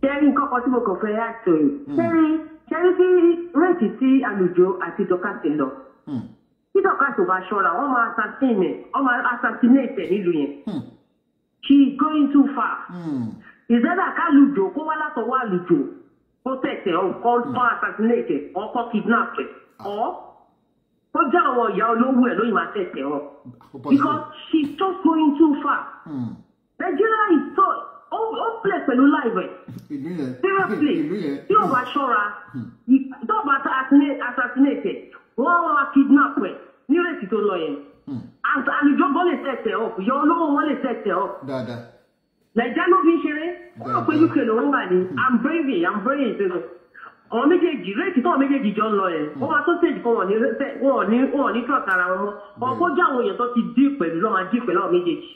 sẹ́yìn kọ́kọ́ tí mo kàn fẹ́ yàtọ̀ yìí sẹ́yìn sẹ́yìn kí rẹ́ẹ̀tì tí àlùjọ àti dọ́kàtì lọ hmm. tí dọ́kàtì ò bá ṣọ́ra wọ́n máa assassinate wọ́n máa assassinate nílùú yẹn hmm. she is going too far. ìzẹ́dà hmm. kálùjọ kó wá látọwọ́ àlùjọ protected or also hmm. assassinated or kọ́ kidnapped ah. or for jẹ́ àwọn ìyá olówó ẹ̀ lóyún máa tẹ̀sẹ̀ ọ because she's just going too far mm. Nigeria is so ó ó play pẹ̀lú láìpẹ́ <laughs> seriously <laughs> tí ó bá ṣọ́ra hmm. tí ó bá assassinated wọ́n wá kidnap ẹ̀ nírètí tó lọ yẹn àlùjọ hmm. gbọ́ lè tẹ̀sẹ̀ ọ ìyá olówó wọn lè tẹ̀sẹ̀ ọ nàìjíríà ló fi ń ṣeré ó rò pé uk lòún wà ní i'm braving i'm braving ṣe lọ àwọn méjèèjì réèkì táwọn méjèèjì jọ ń lọ yẹn hmm. wọn máa tó stage kan wọn ní wọn ní wọn ní trust ara wọn mọ hmm. ọgọjọ àwọn èèyàn tó ti dí pẹ̀lú lọ máa dí pẹ̀lú àwọn méjèèjì.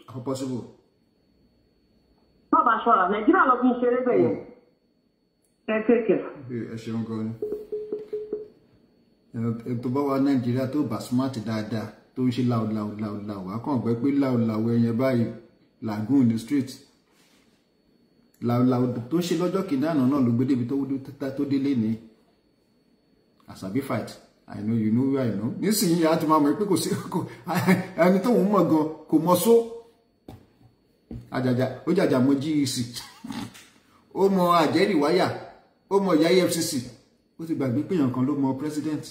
bàbá ṣọ́ra nàìjíríà ló fi ń ṣeré bẹ́ẹ̀ yẹn hmm. ẹ kéèké. ẹ ṣeun gan ni tó bá wà nàìjíríà tó bá smart dáadáa tó ń ṣe láòláòláòláò àkàngbẹ́ pé láòláò ẹ̀yẹn báyìí làágùn ní street làwùlàwù tó ṣe lọ́jọ́ kìíní àná náà ló gbé débi tó délé ni. àṣàbí fight I know you know where I know nísìnyí a ti máa mọ̀ pé kò sí ẹni tó ń mọ̀ gan kò mọ̀ só àjàjà ó jàjà mọ̀ GEC ó mọ̀ àjẹrì wáyà ó mọ̀ ìyá EFCC ó ti gbàgbé pé èèyàn ló mọ̀ president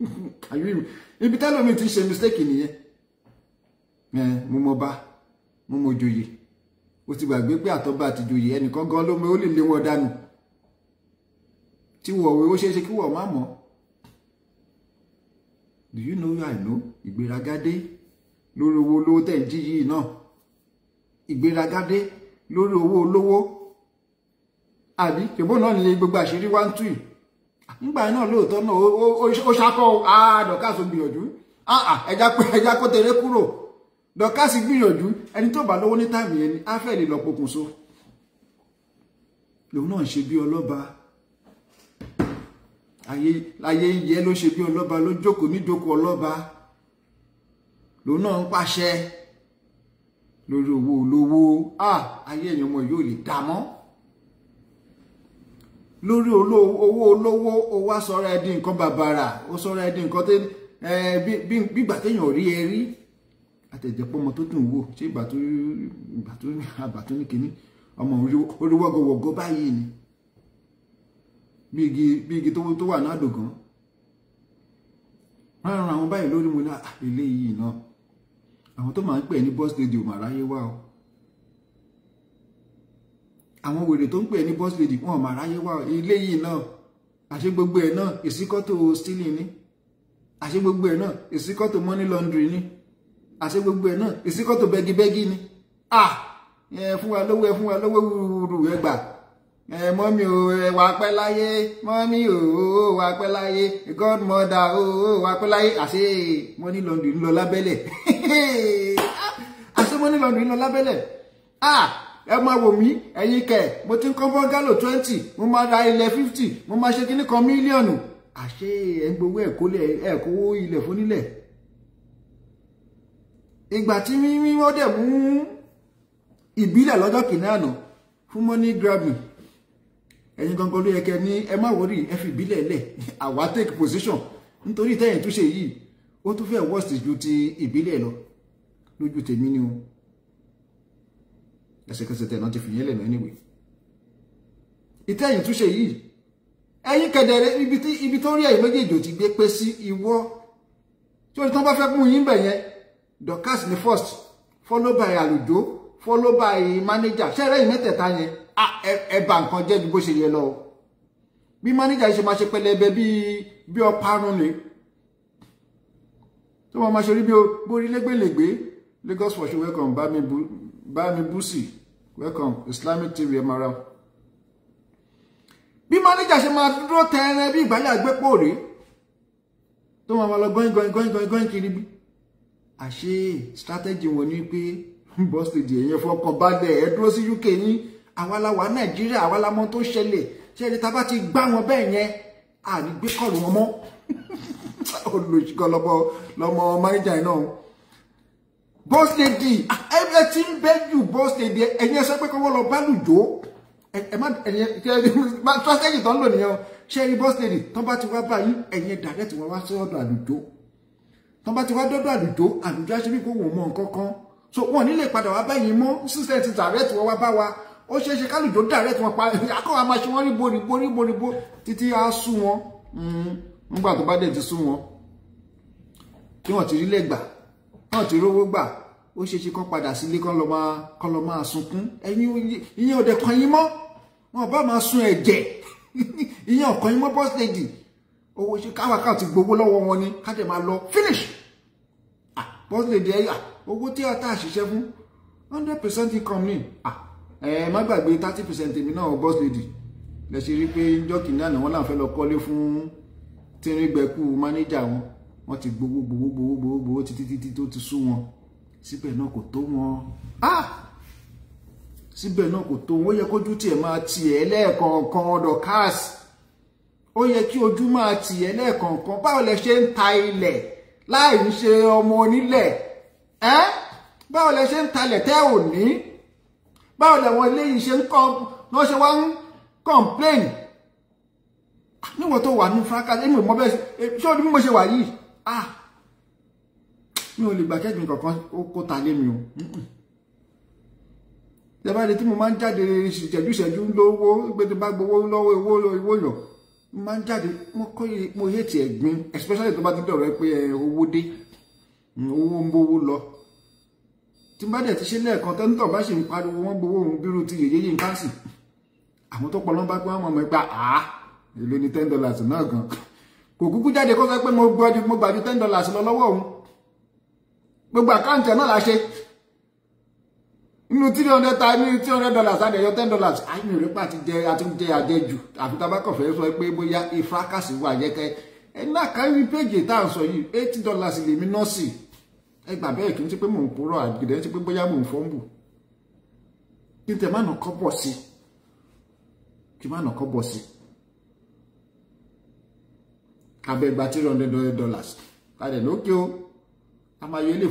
<laughs> ibi tẹ́lómi ti ṣe mistake nìyẹn mo mọ̀ bá mo mọ̀ joyè ó ti gbàgbé pé àtọ́ba àtijọ́yè ẹnìkan gan ló mọ ó lè lé wọn dànù tí wọ̀wé ó ṣeéṣe kí wọ̀ má mọ̀ do you know I know ìgbéraga dé lórí owó olówó tẹ̀ ń jí yìí náà ìgbéraga dé lórí owó olówó àbí ṣèbó náà ní gbogbo àṣírí wá ń tù yìí nígbà náà lóòótọ́ náà ó ṣakọ́ àádọ́ká tó gbìyànjú ẹja kó tẹ̀lé kúrò dọkasi gbìyànjú ẹni tó bá lówó ní táìmù yẹn ni afẹ́ lè lọ pokùnso lòun náà ń ṣe bí ọlọ́ba ayé yẹ ló ṣe bí ọlọ́ba ló jókòó níjókòó ọlọ́ba lòun náà ń pàṣẹ lórí owó olówó ayé ẹ̀yìn ọmọ yóò lè dá mọ́ lórí owó olówó ó wá sọ̀rọ̀ ẹ̀ di nǹkan bàbàrà ó sọ̀rọ̀ ẹ̀ di nǹkan bí ìgbà téèyàn rí ẹ rí àtẹ̀jẹ̀pọ̀ ọmọ tó dùn wò ṣé ìgbà tó ìgbà tó ní àbà tó ní kínní ọmọ oríwọ́gọ̀wọ̀gọ̀ báyìí ni bí igi bí igi tó wà náà dògán wọ́n ran àwọn báyìí lórí mo ní àlè ah, yìí náà àwọn tó máa ń pè ní bus lady ò mà ráyé wá o àwọn wèrè tó ń pè ní bus lady wọn ò mà ráyé wá o ilé yìí náà àṣé gbogbo ẹ̀ náà ìsíkọ́tò stealing ni àṣé gbogbo ẹ̀ náà ìsíkọ́tò money laundry ni àṣẹ gbogbo ẹ̀ náà ìsíkọ́tò bẹ́gibẹ́gi ni ẹ fún wa lówó ẹ fún wa lówó rúurú ẹ gbà ẹ mọ́mí o ẹ wà pẹ́ láyé mọ́mí o wà pẹ́ láyé godmother o wà pẹ́ láyé àṣẹ money laundry ń lọ lábẹ́lẹ̀ <laughs> àṣẹ money laundry ń lọ lábẹ́lẹ̀ ẹ máa wò mí ẹ̀yin kẹ̀ mo ti ń kọ́ bọ́ngálò twenty mo máa ra ilẹ̀ fifty mo máa ṣe kíní kan mílíọ̀nù àṣé ẹ̀ ń gbowó ẹ̀kọ́ ilẹ̀ fún nílẹ̀ ìgbà tí mímí wọ́n dẹ̀ mú ìbílẹ̀ lọ́jọ́ kìíní àná fún money grabbing ẹ̀yin gangan ló yẹ kẹ́ ní ẹ má wọrí ẹ fi ìbílẹ̀ lẹ̀ <laughs> àwa take position nítorí tẹ́yìn túnṣe yìí ó tún fẹ́ worst ju ti ìbílẹ̀ lọ lójú tèmi ni o ẹsẹ̀kẹsẹ̀ tẹ̀ náà ti fìyẹn lẹ̀ náà anyway ìtẹ́yìn túnṣe yìí ẹ̀yin kẹ̀dẹ̀rẹ̀ ibi tó rí ẹ̀yin méjèèjì ò ti gbé pé sí ìwọ tí ó ní bá fẹ́ mú yín bẹ̀ yẹn Dorcas ni first followed by Alujo followed by manager ṣẹ́rẹ́ ìmẹ́tẹ̀ẹ̀ta yẹn ẹ̀bà nǹkan jẹ́ ju bó ṣe yẹ lọ bí manager ṣe máa ṣe pẹlẹbẹ bí ọparun ni tó máa ma ṣe rí bí orí lẹ́gbẹ̀lẹ́gbẹ̀ Lagos for sure welcome Bami Busi welcome Islamic TV mara bí manager ṣe máa dúró tẹ̀rẹ̀ bí ìgbàlẹ̀ àgbẹ̀pọ̀ rèé tó máa ma lọ gọ́yìn àṣé strategy wọn ni pé <laughs> bọ́sìtì èèyàn fọkàn balẹ̀ ẹ dúró sí UK yín àwa la wà Nàìjíríà àwa la mọ tó ṣẹlẹ̀ ṣé ẹni tá a bá ti gbá wọn bẹ́ẹ̀ yẹn à ní gbé kọ́ọ̀lù wọn mọ́ <laughs> olùsìkọ lọmọ lọmọ mánéjà iná bọ́sìtì ẹ ti ń bẹ́ jù bọ́sìtì ẹ̀yìn ẹsẹ̀ pé kọ́wọ́ lọ bá lùjọ́ ẹ má <laughs> strategy tó ń lò nìyẹn ṣé ẹni bọ́sìtì tó bá ti wá báyìí ẹ̀yìn direct wọn wá sí ọ̀dọ̀ àlùjọ́ tó bá ti wá dọ́dọ̀ àlùjọ àlùjọ aṣíbí kò wò mọ nǹkan kan so wọn nílé padà wá báyìí mọ́ sísẹ ti direct wọn wá bá wa ó ṣeé ṣe kálùjọ direct wọn pa <laughs> akọ àmọ́ ṣe wọn ríbo ríbo ríbo ríbo títí á sú wọn hmm. nígbà tó bá dẹ̀ ti sú wọn kí wọn ti rí lẹ́gbà wọn ti rówó gbà ó ṣeé ṣe kán padà sílé kán lọ máa kán lọ máa sunkún ẹ̀yin ìyẹn ò dẹ̀ kan yín mọ́ wọn bá máa sun ẹ̀jẹ̀ <laughs> ìyẹn ọ̀kan yín mọ́ bọ́sẹ̀dì owó ṣe káwà káà ti gbowó lọ́wọ́ wọn ni ká tẹ̀ máa lọ finish ah, bọ́sílẹ̀dẹ̀ ẹ̀yà owó tí a tá a ṣiṣẹ́ fún hundred percent income ni ah, ẹ má gbàgbé thirty percent èmi náà bọ́sílẹ̀dì lẹ ṣe rí pé jọ́kì náà wọ́n láǹfẹ́ lọ kọ́lé fún tínrígbẹ́kù mánéjà wọn wọ́n ti gbowó gbowó gbowó gbowó gbowó títí títí tó ti sú wọn síbẹ̀ náà kò tó wọn ah! síbẹ̀ náà kò tó wọn ó yẹ kójú tiẹ̀ máa tiẹ̀ lẹ́ẹ̀kọ̀ọ̀kan ọ̀dọ̀ káàsì ó yẹ kí ojú máa tì ẹ́ lẹ́ẹ̀kọ̀ọ̀kan báwo lẹ ṣe ń ta ilẹ̀ láì ń ṣe ọmọ onílẹ̀ ẹ́ báwo lẹ ṣe ń talẹ̀ tẹ́ ò ní báwo lẹ̀wọ̀n eléyìí ṣe ń kọ́ lọ́ ṣe wá ń complain níwọ̀n tó wà ní fracas èmi ò mọ bẹ́ẹ̀ ṣé o ní bí mo ṣe wà yìí ah mi ò lè gbà kẹ́gbìn kankan kó ta lé mi o ìjọba ẹni tí mo máa ń jáde ìṣẹ̀jú ìṣẹ̀jú lówó gbé tó bá gbowó lọ́wọ́ máa ń jáde mo kọ́ mo hate ẹ̀gbin especially tó bá ti dọ̀rọ̀ ẹ pé owó dé mm, owó ń bówó lọ tí bá dẹ̀ ti ṣe lẹ́ẹ̀kan tẹ́ńtọ̀ bá ṣe ń pariwo wọ́n gbowó òun bírú ti yèyé yìí ń káàsì àwọn tó pọ̀ lọ́n bá pé wọ́n mọ̀ mọ́ ipa àá èlò ni ten dollars náà gan kò kúkú jáde kó sọ pé mo gbà ju ten dollars lọ lọ́wọ́ òun gbogbo àkáǹtì náà la ṣe nínú three hundred ta nínú three hundred dollars a lè yọ ten dollars a yìí rẹ̀ pa àti jẹ àjẹjù àfi sọ pé bóyá wà ẹ kárí péjì tá à ń sọ yìí eighty dollars lèmi náà sì bẹ́ẹ̀ kì í ti pé mò ń purọ́ àgbẹ̀dẹ̀ ti pé bóyá mò ń kí n tẹ̀ má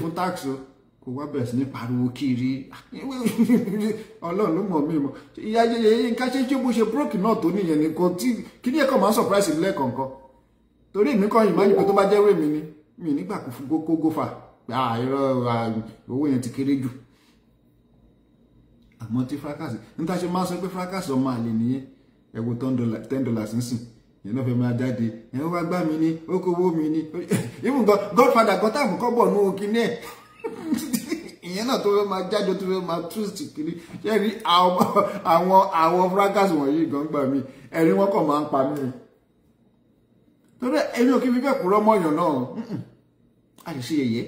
nà kọ́ kó wá bẹ̀rẹ̀ sí ní pariwo kiri <laughs> ọlọ́run ló mọ̀ mí mọ̀ ìyá yẹyẹ yẹn ká ṣe jẹ́ bó ṣe búrọ́kì náà tó nìyẹn nìkan tí kí ní ẹ̀kọ́ máa ń sọ̀práìsì lẹ́ẹ̀kọ̀ọ̀kan torí èmi kan ìmáyì pé tó bá jẹ́wé mi ni mi nígbà kó gófà àìrọ̀ owó yẹn ti kéré jù àmọ́ tí fracas níta ṣe máa ń sọ pé fracas ọmọ àlè nìyẹn ẹ̀wò ten dollars ń sìn yẹn náà fẹ́ máa jáde ẹ̀ ń wá gbá mi ni ó kówó mi ni <laughs> even godfather gọ́tà àbùkọ́ bọ̀ nù òkì náà <laughs> ìyẹn náà tó fẹ́ máa jájọ tó fẹ́ máa twist kiri ṣé rí àwọn àwọn fracas wọ̀nyí gan gbà mí ẹ̀rí wọn kàn máa ń pa mí torí ẹni ò kí fi bẹ́ẹ̀ kúrọ́ mọ́yàn náà a lè ṣe yẹ̀yẹ́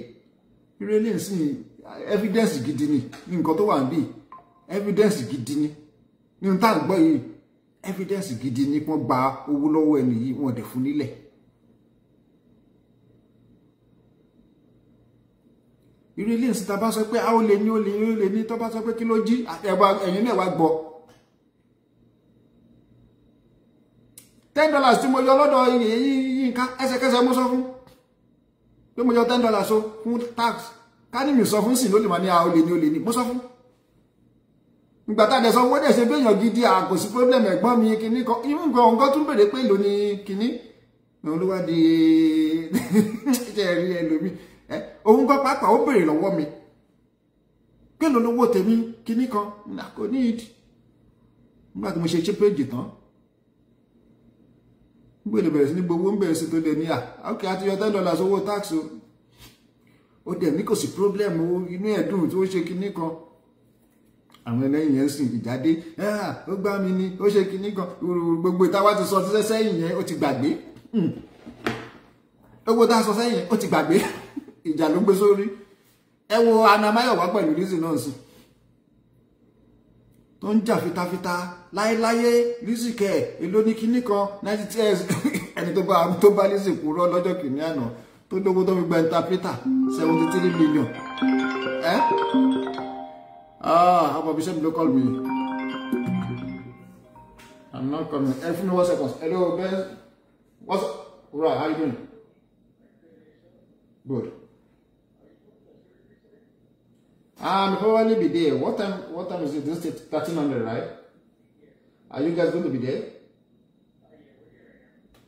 irú eléyìí sì evidence gidi ni ní nǹkan tó wà ń bì evidence gidi ni ní n tá à ń gbọ́ yìí evidence gidi ni wọ́n gba owó lọ́wọ́ ẹni yìí wọ́n dẹ̀ fún nílẹ̀ irú ilé ìsìn tá a bá sọ pé a ó lè ní ó lè ní ó lè ní tó bá sọ pé kí ló jí ẹ̀yin náà wá gbọ́. ten dollars tí mo yọ lọ́dọ̀ Yínká ẹsẹ̀kẹsẹ̀ mo sọ fún pé mo yọ ten dollars o fún tax kánìmì sọ fún sì ló lè máa ní a ó lè ní ó lè ní mo sọ fún. ìgbà tá a dẹ̀ sọ wọ́n dẹ̀ ṣe béèyàn gidi àgò sí problem ẹ̀gbọ́n mi kìíní kan irú nǹkan ọ̀ǹkan tún bèrè pé èlò ni kìíní olúwa di <laughs> ṣe ẹlòmíì òun gan pàápàá ó béèrè lọ́wọ́ mi kí ló lówó tèmi kíní kan nà ní ìdí nígbà tí mo ṣe ṣe péjì tán nígbà èlò bẹ̀rẹ̀ sí ní gbowó ń bẹ̀rẹ̀ sí tó ok àti yọ ten dollars owó tax o ó dẹ̀ ní kò sí problem owó inú ẹ̀dùn tí ó ṣe kíní kan àwọn ẹlẹ́yìn yẹn sìn ìjáde ó gbá mi ni ó ṣe kan gbogbo ìta ti sọ hmm. sẹ́yìn ìjà ló gbé sórí ẹ wo anamáyọ̀wá pẹ̀lú Lizzy náà sí tó ń jà fitafita láéláyé Lizzy kẹ èló ní kinní kan ninety tears eh, <coughs> ẹni tó bá tó bá Lizzy kúrò lọ́jọ́ kìíní àná tó dógó tó fi gba interpreter seventy three million ẹ ah ọmọ bíṣẹ́ mi ló call me I'm not coming ẹ fún mi one second hello Ben. what's up? right how you doing good. Ah, I'm probably be there. What time? What time is it? This is thirteen hundred, right? Are you guys going to be there?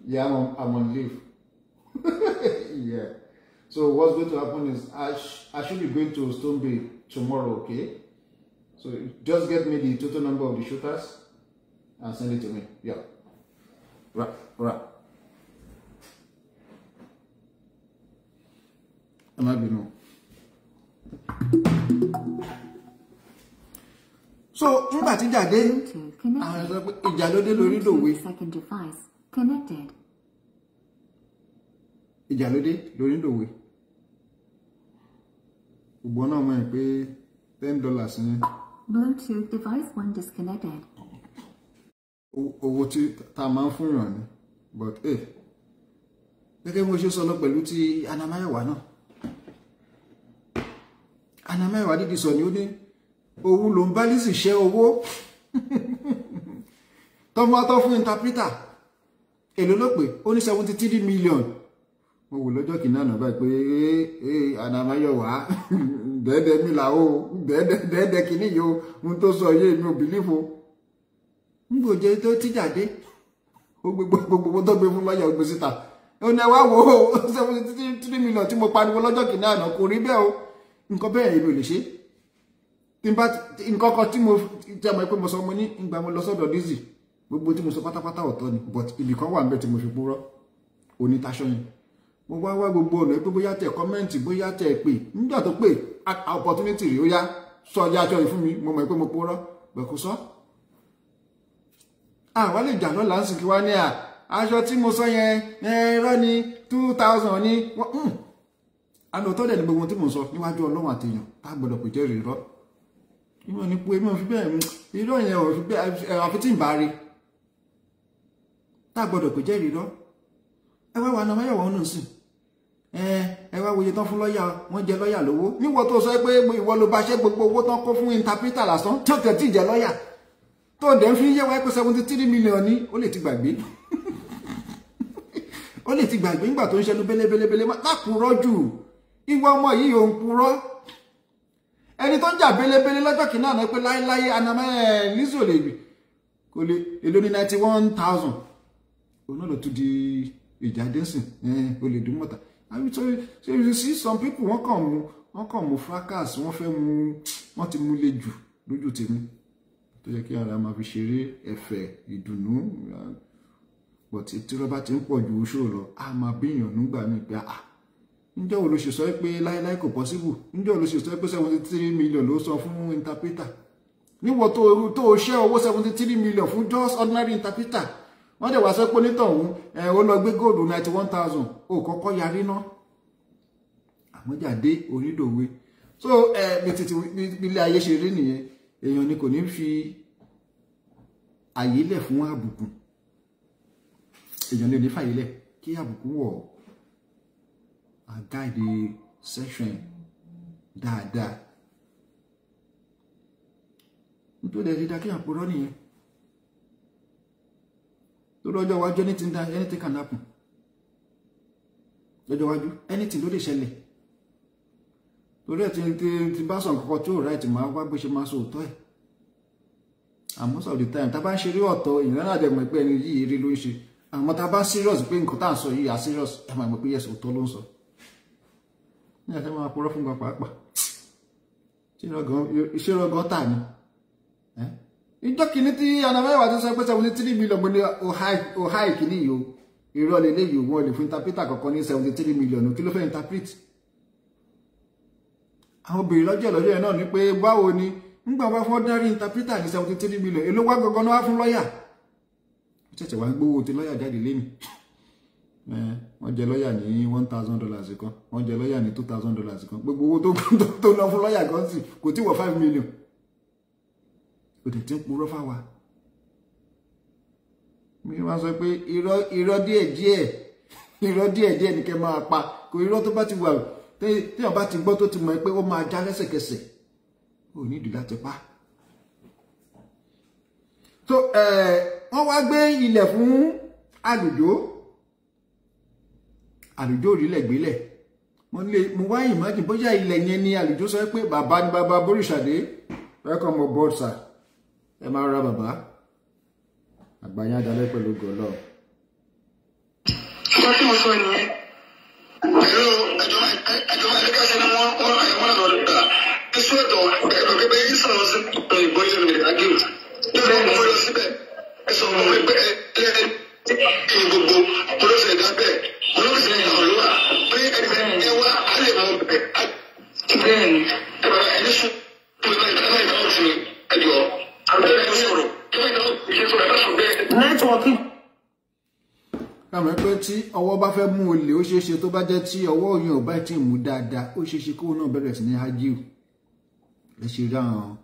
Yeah, I'm on, I'm on leave. <laughs> yeah. So what's going to happen is I sh I should be going to Stoneby tomorrow. Okay. So just get me the total number of the shooters and send it to me. Yeah. Right. Right. Am I know. so nígbà tí ìjà dé àwọn sọ pé ìjà ló dé lórí dòwe ìjà ló dé lórí dòwe gbogbo náà mọ̀ pé ten dollars ni. Bluetooth device one disconnected. owó tí ta máa ń fún yàn ni but eh, gẹ́gẹ́ bí mo ṣe sọ lọ pẹ̀lú ti anamáyẹ̀wá náà. Anamaya Adédìsọ ni ó ní owó ló ń bá Lizzy ṣẹ́ owó <laughs> tọ́mọ́tọ́ fún interpreter èlò ló pé ó ní seventy three million mo wò lọ́jọ́ kìíní àná báyìí pé Anamaya wá <laughs> dẹ́ẹ̀dẹ́ mi là ó dẹ́ẹ̀dẹ́ kìíní yìí ó ohun tó sọ yé mi ò bìlífo n kò jẹ́ tó tíjà dé ó gbé gbogbo tó gbé fún lọ́yà ó gbé síta ó ní ẹ wá wò ó seventy three million tí mo pariwo lọ́jọ́ kìíní àná kò rí bẹ́ẹ̀ o nǹkan bẹ́ẹ̀ èmi ò lè ṣe nǹkan kan tí mo jẹ́ mọ̀ pé mo sọ mo ní ìgbà mo lọ sọ́dọ̀ Lizzy gbogbo tí mo sọ pátápátá ọ̀tọ̀ ni but ibì kan wà níbẹ̀ tí mo fi purọ́ onítàṣọ yẹn mo wá wá gbogbo ọ̀nà pé bóyá tẹ̀ kọ́mẹ́ǹtì bóyá tẹ̀ pè nígbà tó pè opportunity rí ó yá sọ ọjà aṣọ yìí fún mi mo mọ̀ pé mo purọ́ bẹ̀kú sọ́ àwa lè jà lọ́la ń sìnkí wá ní à aṣọ tí mo sọ yẹn ẹ̀rọ ni two thousand ni àná ọ̀tọ̀ dẹ̀ ni gbogbo tí mò ń sọ níwájú ọlọ́run àtẹ̀yàn tá a gbọ́dọ̀ pèjẹ́ rè rọ́ ìmọ̀ ni pé ìmọ̀ fi bẹ́ẹ̀ irọ́ yẹn ò fi bẹ́ẹ̀ àfi tí ń bá rí tá a gbọ́dọ̀ pèjẹ́ rè rọ́ ẹ wá wà ní ọmọyàwó ọ̀nà sìn ẹ wá wòye tán fún lọ́ọ̀yà wọ́n jẹ lọ́ọ̀yà lówó níwọ̀ tó sọ pé ìwọ ló bá ṣẹ́ gbogbo owó tán kó fún intapita lásán tí ó tẹ̀ tí ì jẹ lọ́ọ̀yà tó dẹ̀ ń fi yé wáyé pé seventy three million ní ó lè ti gbàgbé <laughs> ó lè ti gbàgbé nígbà tó ń ṣẹnu bélébélébélé má kúrọ́ ìwọ ọmọ yìí ò ń purọ́ ẹni tó ń jà belebele lọ́jọ́ kìíní àná pé láéláé anamẹ́ Lizzy lè wì kò lè èlò ní ninety one thousand òun náà ló tún di ìjà dẹ́sìn ó lè dún mọ́ta àbí tó ṣe you see some people wọ́n kàn mú wọ́n kàn mú fracas wọ́n fẹ́ mú wọ́n ti mú le jù lójú tèmi tó jẹ́ kí ara máa fi ṣeré ẹ̀fẹ̀ ìdùnnú bọ̀tí tí rọ́bà ti ń pọ̀ ju oṣù lọ a máa bíyàn nígbà míì pé àà ah, ǹjẹ́ wo ló ṣe sọ pé láíláí kò pọ́síbù ǹjẹ́ wo ló ṣe sọ pé seventy three million ló sọ fún interpreter níwọ̀ tó irú tó ṣẹ́ owó seventy three million fún just ordinary interpreter wọ́n dẹ̀ wá sọ pé onítọ̀hún ẹ̀ ó lọ gbé góòlù ninety one thousand ó kọ́kọ́ yarí ná àmọ́jáde onídòwe so ẹ̀ bí títí ilé ayé ṣe rí nìyẹn èèyàn ni kò ní fi àyè lẹ̀ fún àbùkù èèyàn ni ò ní fàyè kí àbùkù wọ̀ ọ́ a guide session dáadáa nítorí ẹ̀rí dákẹ́ àpòrọ́ nìyẹn lórí ọjọ́ iwájú anything that anything can happen lọ́jọ́ iwájú anything ló lè ṣẹlẹ̀ torí ẹ̀ tí ti bá sọ nǹkan tí ò ráì tí máa wá bó ṣe máa sọ òótọ́ ẹ̀ àmọ́ sọ the time tá bá ń ṣeré ọ̀tọ̀ ìran náà dẹ̀mọ̀ pé ẹni yìí rí ló ń ṣe àmọ́ tá bá serious pé nǹkan tá à ń sọ yìí à serious ẹ̀ máa mọ̀ pé yẹ̀sì òótọ́ ló ń sọ. ní ẹsẹ̀ máa purọ́ fún gan pàápàá ìṣirò gan tà ní. ìjọ kìíní tí anamẹ́wà ti sọ pé seventy three million mo ní ọ̀há ìkíní yìí o irọ́ lélẹ́yìí wọn ò lè fún interpreter ní seventy three million kí ló fẹ́ interpret. àwọn obìnrin lọ́jọ́ lọ́jọ́ yẹn náà ni pé báwo ni interpreter ní seventy three million èló wá náà wá wọ́n jẹ lọ́ọ̀yà ní one thousand dollars kan wọ́n jẹ lọ́ọ̀yà ní two thousand dollars kan gbogbo owó tó ná fún lọ́ọ̀yà kan sì kò tí wọ five million kò dẹ̀ ti ń purọ́ fáwa mi máa sọ pé irọ́ irọ́ díẹ̀ díẹ̀ irọ́ díẹ̀ díẹ̀ ni kẹ́ máa pa kò irọ́ tó bá ti wà téèyàn bá ti gbọ́ tó ti mọ̀ pé ó máa já lẹ́sẹ̀kẹsẹ̀ ò ní ìdílé àti pa. so eh, wọ́n wá gbé ilẹ̀ fún àlùjó àlùjọ òrílẹ̀ gbélẹ̀ mo lè mo wá imagine bóyá ilẹ̀ yẹn ni àlùjọ sọ pé bàbá ni bàbá boríṣàdé welcome on board sir ẹ máa ra bàbá àgbáyé adalẹ́ pẹ̀lú gọ́lọ́. ṣé wọ́n tí mo sọ nìyẹn. ẹ̀rọ àjọmọ̀ àjọmọ̀ àdékàṣe ni wọ́n wọ́n àwọn ọ̀dọ́ ta ẹ̀sùn ẹ̀dọ̀ ẹ̀dọ̀ pé bẹ́ẹ̀ sísan lọ sí ìbò ìṣẹ̀lẹ̀ ìrìn àjò lórí ọmọ ìlọsíbẹ̀ ẹ̀sọ̀ ọmọ ìgbẹ́ ẹ̀ gbogbo olóṣèlú dábẹ́ sí ìlọrin bẹ́ẹ̀ ni ọ̀rọ̀ ẹni sùn tó ń bá ìdáná ìdáná sí ẹjọ́ àwọn ẹni sọ̀rọ̀ tó ń dáná ìṣe sọ̀rọ̀ ẹ̀dá sọ̀rọ̀ bẹ́ẹ̀. nẹ́tíwọ̀kì. Kàmọ́ pé tí ọwọ́ bá fẹ́ mú olè ó ṣeé ṣe tó bá jẹ́ tí ọwọ́ òyìn ò bá ti mú dáadáa ó ṣeé ṣe kóun náà bẹ̀rẹ̀ sí ní hajiu ẹ ṣe rí àwọn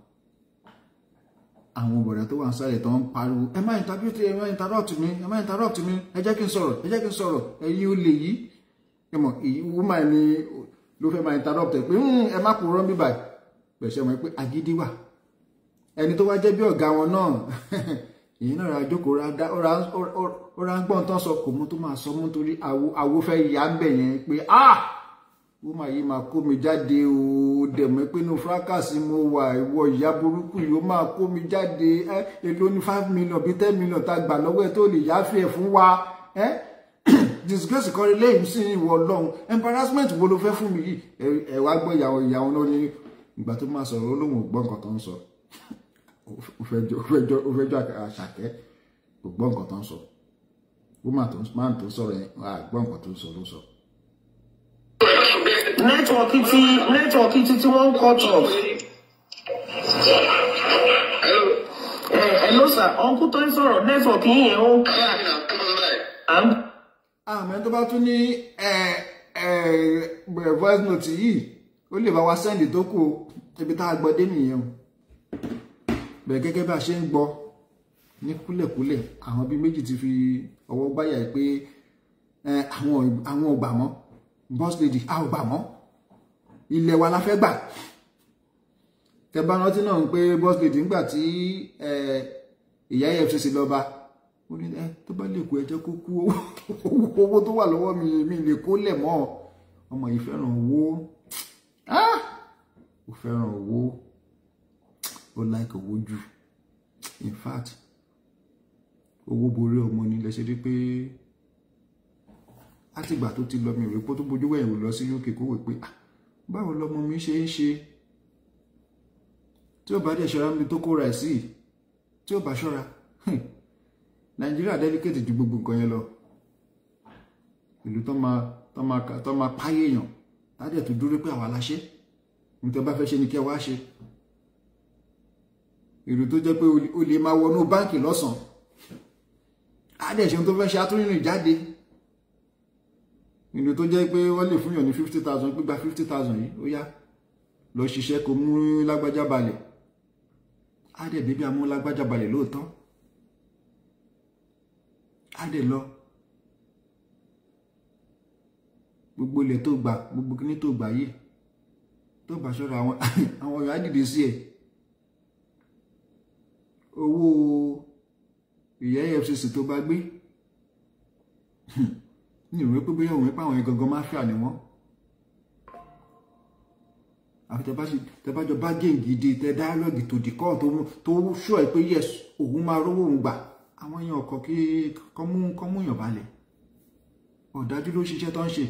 àwọn bọ̀dẹ̀ tó wà ń sáré tó ń pariwo ẹ má interrupt ẹ má interrupt mi ẹ má interrupt mi ẹ jẹ́ kí n sọ̀rọ̀ ẹ jẹ́ kí n sọ̀rọ̀ ẹ̀yin olè yìí ẹmọ ìwúmà ni ló fẹ́ máa interrupt ẹ pé hmm, ẹ má kú rán bíbà pẹ̀sẹ̀ wọn pé agídí wà ẹni tó wá jẹ́ bí ọ̀gá wọn náà èyí <laughs> náà ra jókòó ó ra ń gbọ́n tán sọ kò mú tó máa sọ mú torí àwo fẹ́ yà ń bẹ̀ yẹn pé ah wọ́n máa yí máa kó mi jáde o dẹ̀mọ́ pé inú fúrákàsì mo wà ìwọ ìyá burúkú yìí ó máa kó mi jáde ẹ èlò ní five million bíi ten million tá a gbà lọ́wọ́ ẹ tó lè yááfì fún wa ẹ. Eh? disgrace kan lé èmi sí ìwọ ọlọ́run embarrassment wo ló fẹ́ fún mi yìí ẹ wá ìyàwó ìyàwó náà ní ìgbà tó máa sọ̀rọ̀ olóhùn ògbọ́n nǹkan tó ń sọ ó fẹ́ jọ àṣàkẹ́ ògbọ́n nǹkan tó ń sọ woman tó man tó sọ̀rọ̀ yẹn àgbọ́n nǹkan tó ń sọ ló sọ. nẹ́tíwọ̀kì tí nẹ́tíwọ̀kì tí wọ́n ń kọ́ tọ̀. hello sir uncle tó ń sọ̀rọ̀ nẹ́tíwọ̀kì yìí yẹn ó ń crack àmì tó bá tún ní voice note yìí ó lè bá wa sẹ́ndì tó kù ibi tá a gbọ́ dé nìyẹn o bẹ̀rẹ̀ gẹ́gẹ́ bá a ṣe ń gbọ́ ní kúlẹ̀kúlẹ̀ àwọn bíi méjì ti fi ọwọ́ gbáyà pé àwọn ò boss lady a ò gbà mọ́ ilẹ̀ wa la fẹ́ gbà tẹ bá rántí náà pé boss lady ńgbà tí ìyá efcc lọ bá ó ní ẹ eh, tó bá lè kú ẹ jẹ́ kó kú owó <laughs> tó wà lọ́wọ́ mi mi lè kó lẹ̀ mọ́ ọmọ yìí fẹ́ràn owó ah! ó fẹ́ràn owó ó like owó jù in fact owó borí ọmọ ni lẹ ṣe rí pé látìgbà tó ti lọ mi rèé pọ́ tó bójú wẹ̀yìn lọ sí UK kó wè pé ah, báwo lọmọ mi ṣe ń ṣe tí ó bá dẹ̀ ṣọ́ra mi tó kóra ẹ̀ sí tí ó bá ṣọ́ra hmm, nàìjíríà dẹ́díkéètì ju gbogbo nǹkan yẹn lọ ìlú tó máa tó máa tó máa páyé èèyàn ládẹ̀ tó dúró pé àwa la ṣe nítorí bá fẹ́ ṣe ni kí ẹ wá ṣe ìlú tó jẹ́ pé o lè máa wọnú báǹkì lọ́sàn-án ládẹ̀ ṣe tó fẹ́ ṣe atúnrìnrìn jáde ìlú tó jẹ́ pé wọ́n lè fún yàn ní fifty thousand gbígba fifty thousand yìí ó yá lọ ṣiṣẹ́ kó mú lágbájá balẹ̀ ládẹ̀ bíbí amú lágbájá balẹ̀ lóòótọ́ á dẹ̀ lọ gbogbo ilẹ̀ tó gbà gbogbo kíní tó gbà yìí tó bá ṣọ́ra àwọn <laughs> àwọn ọ̀yọ́ á dìde sí ẹ̀ owó ìyá EFCC tó bá gbé ní <laughs> ìwé pé bóyá òun pé àwọn gangan máfíà ni wọ́n àfi tẹ́bájọ bá gèǹgì di tẹ́ dáálọ́gì tó dìkọ́ tó ṣọ́ ẹ pé yes òun máa rówó òun gbà àwọn èèyàn ọkọ̀ kí kọ́mú kọ́mú èèyàn balẹ̀ ọ̀dájú ló ṣiṣẹ́ tó ń ṣe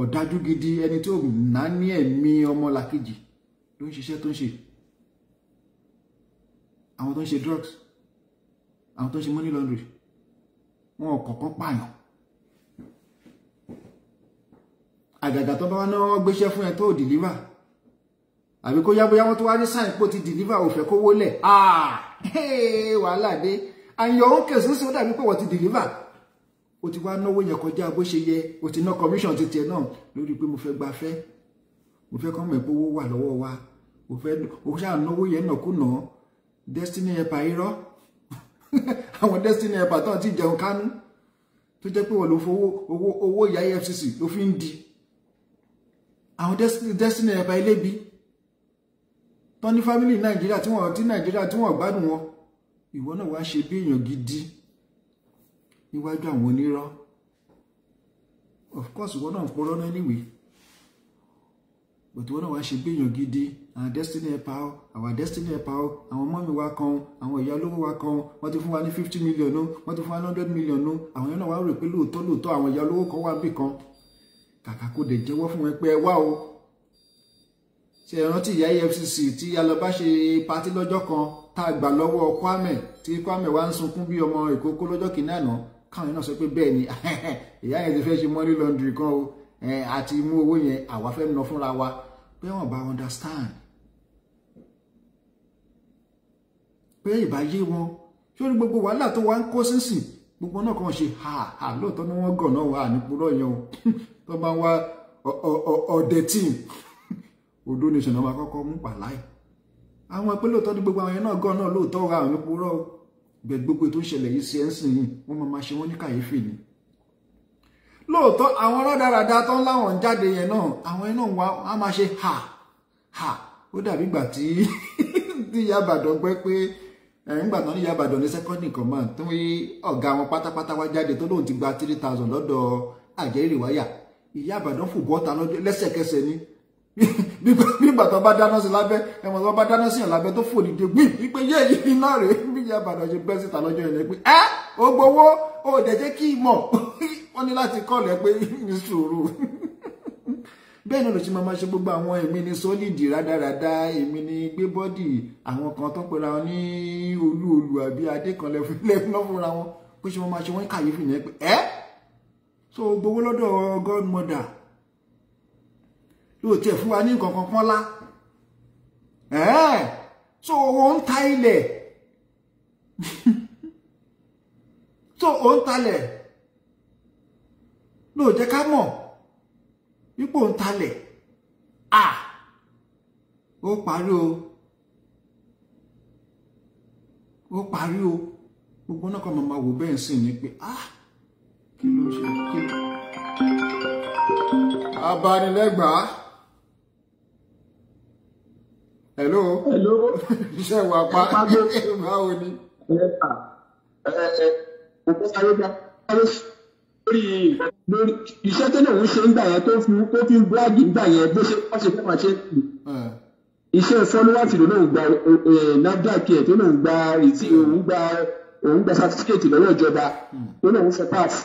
ọ̀dájú gidi ẹni tí ò ná ní ẹ̀mí ọmọ làkejì ló ń ṣiṣẹ́ tó ń ṣe àwọn tó ń ṣe drugs àwọn tó ń ṣe money laundry wọn ò kọ̀ọ̀kan pààyàn àgàgà tó bá wọn náà gbéṣẹ́ fún ẹ tó deliver àbí kó yá bóyá wọn tó wá ní sáìn pò ti deliver òfẹ́ kó wọlé aaa. Ah! wàhálà dé and your own case nísìnyí ó dàbí pé wọ́n ti deliver ó ti wá náwó yẹn kọjá bó ṣe yẹ ó ti ná commission ti tiẹ̀ náà lórí pé mo fẹ́ gbafẹ́ mo fẹ́ kọ́ mọ̀ ẹ́ pé owó wà lọ́wọ́ wa mo fẹ́ ó ṣáà náwó yẹn náà kùnà destiny ẹ̀pà irọ́ <laughs> àwọn destiny ẹ̀pà tó ti jẹun kánú tó jẹ́ pé wọ́n ló fowó owó owó ìyá efcc ló fi ń di àwọn destiny ẹ̀pà ilébi tán ní fámìlì nàìjíríà tí wọ́n ti nàìjíríà tí wọ́n gbádùn wọn ìwọ náà wá ṣe bí èèyàn gidi níwájú àwọn onírọ́ of course ìwọ náà ń purọ́ náà anyway but ìwọ náà wá ṣe bí èèyàn gidi àwọn destiny helper o àwọn destiny helper o àwọn mọ́mí wa kan àwọn ìyá olówó wa kan wọ́n ti fún wa ní fifty million o wọ́n ti fún wa ní hundred million o àwọn yẹn náà wá rò pé lóòótọ́ lóòótọ́ àwọn ìyá olówó kan wà bì kan kàkà kó dẹ̀ jẹ́wọ́ fún wọn pé ẹ wá o ṣe rántí ìyá EFCC tí yalọba ṣe patí lọ́jọ́ kan tá a gbà lọ́wọ́ Kwame tí Kwame wá ń sunkún bí ọmọ ìkókó lọ́jọ́ kìíní àná káwọn náà sọ pé bẹ́ẹ̀ ni <laughs> ìyá yẹn ti fẹ́ ṣe money laundry kan o àti mú owó yẹn àwa fẹ́ ná fúnra wa pé wọ́n bá understand pé ìbáyé wọn ṣé ní gbogbo wàhálà tó wá ń kó sínsìn gbogbo náà kàn ṣe ha ha lóòótọ́ ni wọ́n gàn náà wà nípúrọ̀ yẹn o <laughs> tó máa ń wá ọ̀dẹ̀ odó ni náà máa kọ́kọ́ mú pàláì àwọn pé lóòótọ́ ní gbogbo àwọn yẹn náà gan náà lóòótọ́ ra àwọn epo rọ́ gbẹ gbogbo tó ń ṣẹlẹ̀ yìí sí ẹ̀sìn yìí wọ́n máa ma ṣe wọ́n ní kàyéfì ni lóòótọ́ àwọn rádaràda tó ń láwọn jáde yẹn náà àwọn yẹn náà wá máa ṣe ha ha ó dàbí ìgbà tí <laughs> ìyá àbàdàn gbẹ́ pé nígbà tán ní ìyá àbàdàn ní second in command tó ń ọ̀gá wọn pátápátá wá jáde tó lóun ti gba three thousand lọ́dọ̀ àjẹrìí ìyá àbàdàn fò bọ́ta lọ́jọ́ lẹ́sẹ̀kẹsẹ̀ ni <laughs> bí ìgbàtọ̀ bá dáná sí lábẹ́ ẹ̀wọ̀n tó bá dáná sí yàn lábẹ́ tó fò nídìí gbìn wípé yé yìí iná rèé bí ìyá àbàdàn ṣe bẹ́ síta lọ́jọ́ yẹn pé ẹ́ o gbowó o dẹ̀ jẹ́ kí ìmọ̀ <laughs> wọ́n ní láti kọ́ lẹ́ pé ní sùúrù <laughs> bẹ́ẹ̀ náà ló ṣe máa ma ṣe gbogbo àwọn èmi ní sólìdì rádaràda èmi ní gbé bọ́dì àwọn kan tó pera wọn ní olú olú àbí adé kan lẹ́fúnlẹ́fúnlọ́ fúnra wọn pé so gbowó lọ́dọ̀ godmother ló tiẹ̀ fún wa ní nǹkan kan pọ́nlá so wọ́n ń ta ilẹ̀ <laughs> so ó ń talẹ̀ ló jẹ́ ká mọ̀ wípé ó ń talẹ̀ à ó parí o ó parí o gbogbo náà kan máa wò bẹ́ẹ̀ sì ni pé ah kí ló ṣe kí ló hello. hello. iṣẹ́ ìwà pa báwo ni. lórí iṣẹ́ tó lè ń ṣe ń gbà yẹn tó fi tó fi ń búláàgì ń gbà yẹn bó ṣe wọ́n ṣe fún wa ṣe ń kù. iṣẹ́ fọ́lọ́wàtì ló lóun gba NAFDAC ẹ̀ tó lóun gba ètí òun gba òun gba sátífíkẹ̀tì lọ́wọ́ ìjọba hmm. tó lóun fẹ́ páàsì.